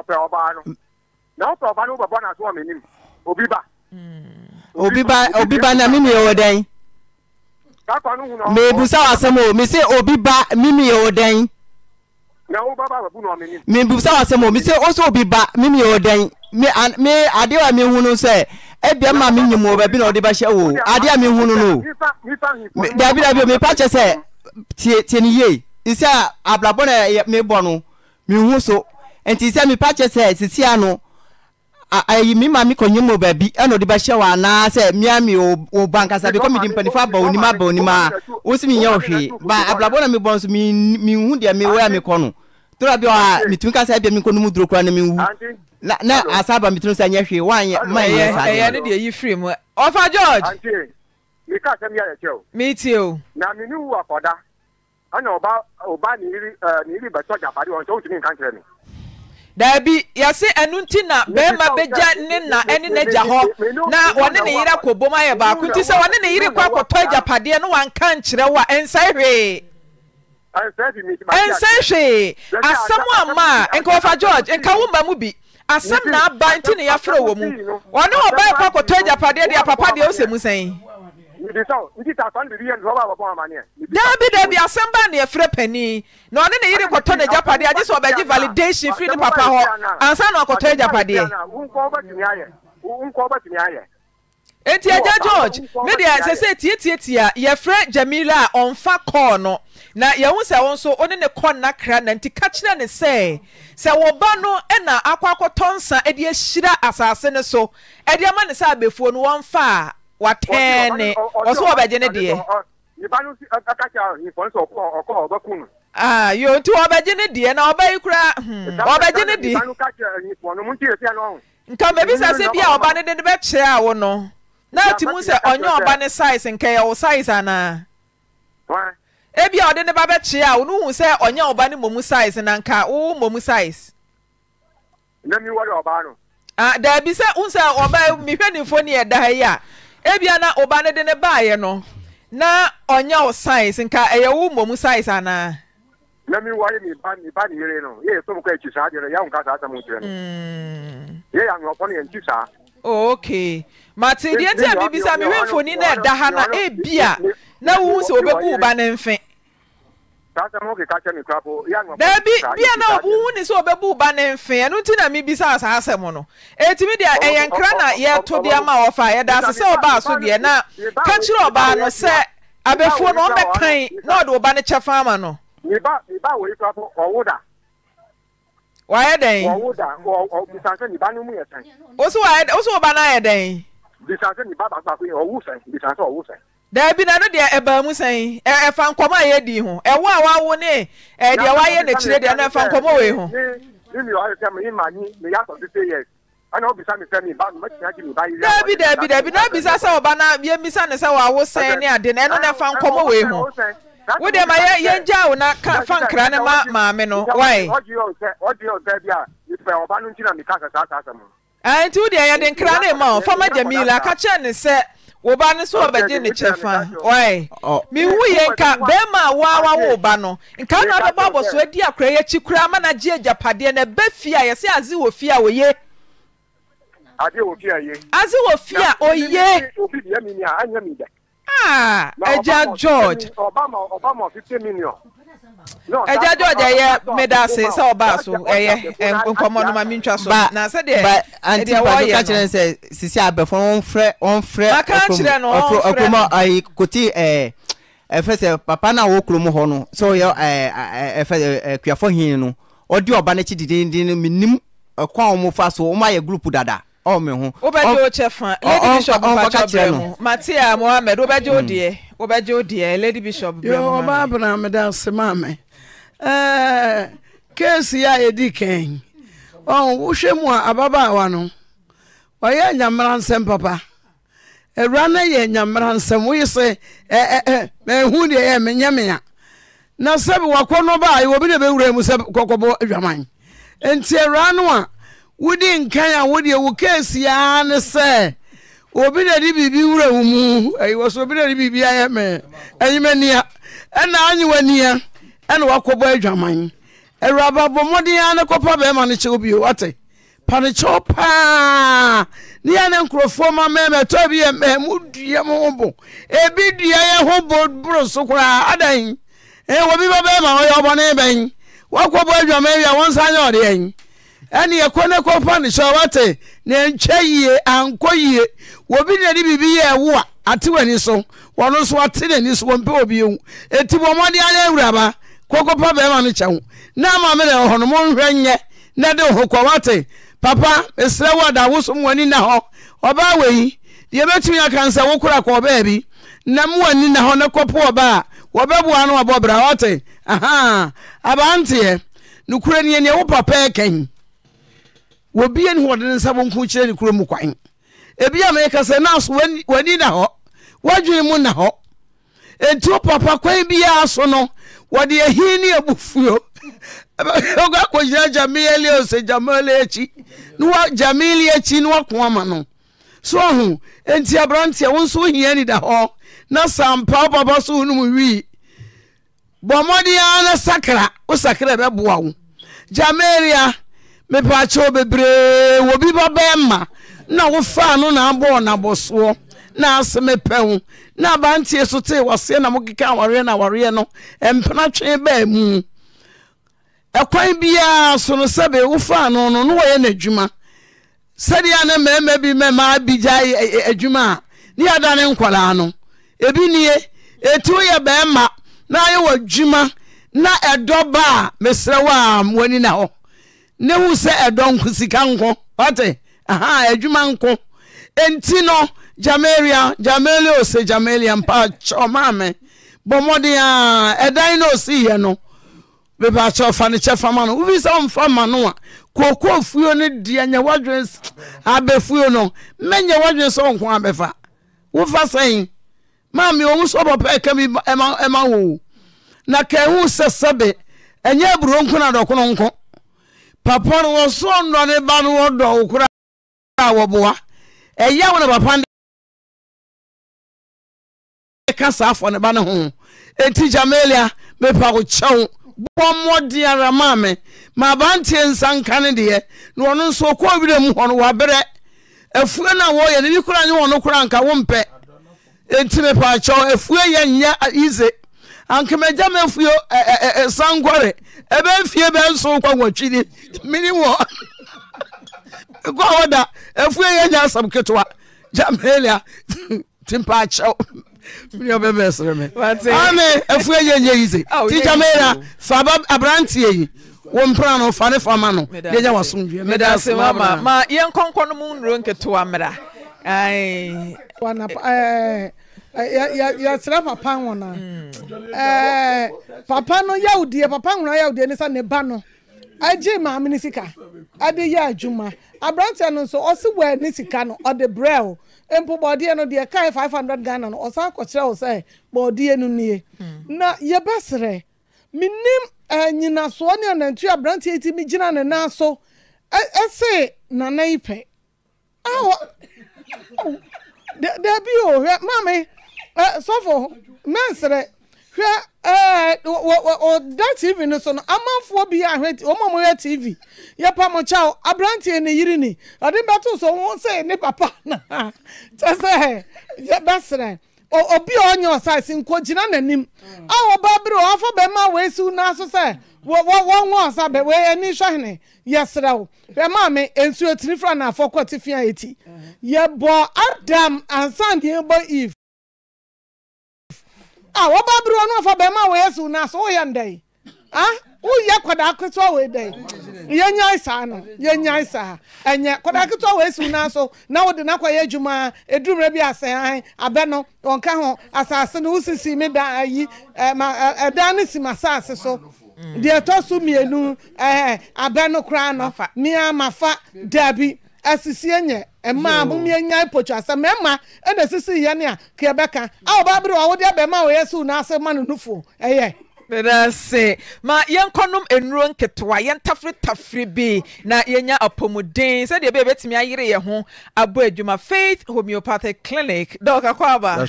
ɔpɛ ɔbaa no na ɔpɛ ɔbaa no wobɛbɔ n'aso wɔ m'anim obi ba obi ba obi ba na mímu yɛ wɔ dɛn mebusa w'asɛm o mese obi ba mímu yɛ wɔ dɛn mebusa w'asɛm o mese ɔsɛ obi ba mímu yɛ wɔ dɛn me adeɛ wa mehu no sɛ ebia ma mi nyimu o baabi na ɔde bɛhyɛ o adeɛ a mehu no no dabi dabi o mepa kyɛ tie tie ne yie esi a abrabɔ na mebɔ no mehu so nti sɛ mepa kyɛ sɛ sisia no ayi mi maa mi kɔ nye mo baabi ɛna o de bɛ hyɛ wa anaa sɛ mi o o ba nkasa de kɔ mi di mpanimfo aba onim aba onim a o si mi nyɛ o hwee ba abilabɔ na mi bɔ nso mi mi hu deɛ mi wɔ mi kɔ no tora bi a mi tun kasa ebi mi kɔ numu duro kura na mi wu na asaba mi tun sɛ nyɛ hwee wa nyɛ ma nyɛ sa de. ɛyɛ ne deɛ yi firi mu ɔfa george. mi ka asɛm yɛ yɛ kyɛ o. mi ti o. na mi ni wu akɔda ɛna ɔba ɔba ni yiri ɛɛ ni yiri bɛ sɔja pari ɔn daabi yɛse ɛnu nti na bɛrima bɛgya ne na ɛne n'agya hɔ na wɔne ne yere akɔ bom ayɛ baako nti sɛ wɔne ne yere kɔ akɔtɔ agyapadeɛ no wanka nkyerɛ wo a hwee ɛnsae hwee asɛm ama a nka wɔfa george nka wo mba mu bi asɛm na aba nti ne yɛafrɛ wɔ mu wɔne ɔbaa kɔ akɔtɔ agyapadeɛ deɛ apapa deɛ wosɛ mu sɛn dabi dabi asɛm ba ne yɛfrɛ panin na ɔne ne yere kɔtɔ ne de agye sɛ ɔbɛgye validation firi ne papa hɔ ansa na ɔkɔtɔ agyapadeɛ enti agya george medeɛ sɛ sɛ tietietie a yɛfrɛ jamila a ɔmfa kɔɔ no na yɛhu sɛ wo nso wone ne kɔ nnakra na nti ka kyerɛ ne sɛ sɛ wɔba no na akɔ akɔtɔ nsa de ahyira asase no so ɛde ama ne sɛ abɛfuo no wɔmfa a watɛɛne ɔso wɔbɛgye ne deɛ yo nti wɔbɛgye ne deɛ na ɔbɛyi kora wɔbɛgye ne deɛ nka mabisa sɛ bi a ɔba ne de ne bɛkyerɛ a wo no na atimu sɛ ɔnyɛ ɔba ne size nka yɛwo size anaa ebia ɔde ne ba bɛkyerɛ a wo hu sɛ ɔnyɛ ɔba ne mmom size na nka wo mmom size daabi sɛ wo sɛ ɔba mehwɛ nifo ne yɛda ah, ha yi a ebia na ọba ne de ne baayɛ no na ɔnyɛ o nka ɛyɛ wo mɔmu science anaa. na mi mi ba mi ba ni yere no ye so mo ka ekyi saa deɛ yahu nka saa sɛ mo kyerɛ no. Hmm. ye yan ŋa ɔpɔ ne yɛn ti saa. okay mate deɛ ti a bibisa mi wi mfoni na ɛda ha na ebia na wuhu sɛ obɛbu ba ne mfe. daabi bia na wowu ne sɛ wɔbɛbu ba ne mfe ɛno nti na mebisa saa asɛm no etimi deɛ ɛyɛ nkra na yɛto deɛ ma wɔfa yɛda ase sɛ ɔbaa so deɛ na ka kyerɛ ɔbaa no sɛ abɛfuo no ɔmbɛkan na ɔde ɔba no kyɛ fa ama no wayɛ dɛn wo so wɔba no ayɛ dɛn daa bi na ɛno deɛ ɛbaamu sayi ɛfa nkɔmɔ a yɛadii ho ɛwo a waawo ne ɛɛdeɛ waayɛ n'akyirɛ deɛ ɛno ɛfa nkɔmɔ wei ho dabi daai daa bi na wobisa sɛ wɔba na yɛmisa ne sɛ wɔawo sɛn ne ade na ɛno no ɛfa nkɔmɔ wei ho wodeɛ ma yɛngya wo na fa nkra ne ma maame no wai nti wo deɛ yɛde nkra ne ma ho famagya mirela ka kyeɛ no sɛ wo ba no so ɔbɛgye ne kyɛ nka a woa wawo wo ba no nka na wobɛbɔ abɔso adi akora yɛakyi koraa na ɛbɛ fie a yɛsɛ adze wɔ fie a oye adze wɔ fie a ah, george ɛgya gye ɔgya yɛ meda se sɛ ọba so ɛyɛ nkɔmmɔ no ma ntwa so na sɛdeɛ ɛdeɛ wɔyɛ kyerɛ sɛ sisi abɛfo wɔmfrɛ wɔmfrɛ maka kyerɛ no ɔkrom ayi koti ɛɛ ɛfɛ sɛ papa no a kurom no hin no fa so dada. ɔme ho wobɛgye wo kyɛ fa lady bishop mpakyɛ brɛ mu matia mohamed wobɛgye wo deɛ wobɛgye wo deɛ lady bishop brɛ mu ɔba abena mede ase ma me keesi a yɛdi kan ɔn wohwɛ mu a ababaawa no ɔyɛ nyamera nsɛm papa awura no yɛ nyamera nsɛm woyi sɛ mahu deɛ yɛ menyɛ mea na sɛ bi wakɔ no baa yɛwɔ bi ne bɛwura mu sɛ kɔkɔbɔ adwaman enti awura no a wodi nkan a wode wo keesi aa ne sɛ obi na de biribi wura wo mu ɛyiwɔ so obi na de biribi ayɛ mɛ ɛnyima nia ɛna anyewa nia ɛna wakɔbɔ adwaman awuraba bɔ a ne kɔpa bɛrima no kyɛw bio wate panekyɛw paa ne yɛ ne nkurɔfoɔ ma mɛmɛ bi yɛ mɛ mu dua mu ho bo ebi dua yɛ ho bo boro so koraa adan bi bɛrima ɔyɛ ɔbɔ ne a wɔn nsa ɛne yɛkɔ ne kɔpa ne hyɛ wate ne ntwɛ yie ankɔ yie wɔbi nane biribi yɛ ɛwo a ate w'ani obi hu ɛti bɔ mmɔde awuraba kɔkɔpa bɛrima no kyɛ na ama me ɔhɔ no nyɛ na de ho kɔ wate papa wo na hɔ ɔbaa deɛ aka wo kora kɔ ɔbaa bi na w'ani na hɔ ne kɔpo ɔbaa wɔbɛboa no bra wɔbie ne wɔde ne nsa bonku kyerɛ ne kurom kwan ebi a mɛka sɛ nurse w'ani na hɔ w'adwene mu na hɔ nti papa kwan biara so no wɔde ehin ne abufuo [LAUGHS] ɔkɔ akɔgyina jamili ose jamili akyi ne wa jamili akyi ne wako ama no so ɔho nti aberanteɛ wo nso hia ni da hɔ na sampa papa so wonom wii bɔ mmɔden ara na sakra wo sakra bɛboa wo jamalia mepɛakyɛw bebree wɔbi babɛɛ ma na wofaa no naabɔɔ nabɔsoɔ na ase mepɛ ho na abantie so tee waseɛ na mokeka awareɛ no awareɛ no mpena twee baa mu ɛkwan biaa so no sɛbe wofaa no no na wɔyɛ n'adwuma sɛdeɛ ne mmarima bi mɛmaa bi gyae adwuma a ne yɛadane nkɔlaa no ebi nie etu woyɛ bɛɛma na yɛwɔ adwuma na ɛdɔ ba a mesrɛ wo a wanina hɔ ne wu sɛ ɛdɔ nko sika nko ɔte aha adwuma nko enti no jamaria jamalia ose jamalia mpa kyɛmaa me bɔ mmɔden a ɛdan na osiiɛ no bebɛakyɛ ɔfa no kyɛ fama no wofi sɛ ɔmfa ma no a kookoo fuo no deɛ nyɛ w'adwene abɛfuo no mɛnyɛ w'adwene sɛ ɔnko abɛfa wofa sɛn maame ɔmu sɛ ɔbɔpɛ ɛka bi ɛma wo na ka ɛhu sɛ sɛbe ɛnyɛ aburonko na dɔkono nko papa no wɔ so ɔnɔ ne ba no wɔdɔ wo koraa a wɔboa ɛyɛ wo na papa ne ka saa afɔ ne ba no ho enti jamelia mepa wo kyɛw bɔ mmɔden ara maa me ma abanteɛ nsa nka ne deɛ na ɔno nso ɔkɔɔ werɛ mu hɔ no waberɛ afue no a wɔyɛ ne bi koraa nyɛ wɔ no koraa nka wo mpɛ enti mepa kyɛw afue yɛ nyɛ ize ankemagya mafuo eh, eh, eh, sankɔre ɛbɛmfie bɛnso kwa watwini meni wɔ [LAUGHS] kwa wɔda afue yɛanya asɛm ketewa gyamelia [LAUGHS] timpaakyɛw [LAUGHS] bɛbɛsere meame afue yɛnyɛ yize ti gyamelia faaba aberanteɛ yi wo mpra no fa ne fama no yɛnya wasomdwe medasema ma yɛnkɔnkɔ no mu nnuro nketewa mmra yɛsrɛ papa nwona papa no yawudie papa nwona yà ne sa ne ba no agye maame ne sika ade yɛ adwuma aberanteɛ no nso ɔsi wɔ ne sika no ɔde brɛw mpo bɔɔdeɛ no deɛ kae five hundred ghana no ɔsan akɔkyerɛ wo sɛ bɔɔdeɛ no nie hmm. na yɛbɛsrɛ menim ɛnyinasoɔ ne anantu aberanteɛ ti mi gyina ne nan so ɛsɛ nana yi pɛ awɔ dabi o hwɛ mami. Eh, sọfọ nansere hwẹ ɛɛ eh, ɔda tv no so no amanfoɔ bi ahwɛ wɔn a wɔyɛ tv yɛpa mo kyɛw aberanteɛ ne yiri ni ɔde bɛto so wɔn sɛ ne papa [LAUGHS] na kyɛ sɛ yɛbɛsrɛ obi a ɔnyɛ ɔsaase nko gyina n'anim mm. a ɔba bere ɔafa bɛrima a wɔasiw n'aso sɛ wɔn wɔn ɔsa bɛ hwɛhene nsuo tiri fura na afɔkɔ ti fi a eti mm. yɛbɔ adam ansan yɛbɔ a ah, wọ́n bá biri wọn náà fọ bẹ́ẹ̀ máa wọ yẹ sùn náà sọ wọ́n yẹ ń dẹ̀ yìí ah wọ́n yẹ kọ̀dà ketewa wọ̀ dẹ̀ yìí yẹ nyà ìsà nù yẹ nyà ìsà ẹ̀nyẹ kọ̀dà ketewa wọ̀ sùn náà so náà wọ́n di náà kọ̀ yẹ bi asẹ̀ hàn abẹ́ no wọn ka ho asase no sisi mi dan ayi si ma saase so deɛ so mmienu ɛɛ abɛ no koraa no ma fa daabi. asisi enye mmaa amumi enya mpɔtɔ asa mmarima ɛna sisi yɛn a kìí ɛbɛka a ɔbaa biri wa ɔwɔ de abɛɛma a ɔyɛ siw n'asɛ ma no nufu ɛyɛ medase ma yɛnkɔnom nnuro nketewa yɛntafretafre bi na yɛnya apɔmuden sɛdeɛ bɛɛ bɛtumi ayere yɛ ho abɔ adwuma faith homeopathic clinic That's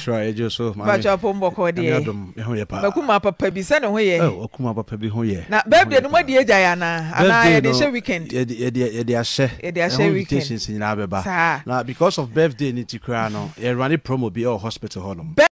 right. So, dɔka kɔ ababakuma papa bi sɛne ho yɛ na birthday no mɔde agya yɛ anaa anaa yɛde hyɛ weekend yɛde ahyɛ weekend nyinaa bɛba na because of birthday no nti koraa no yɛrane promo bi ɛwɔ hospital hɔ nom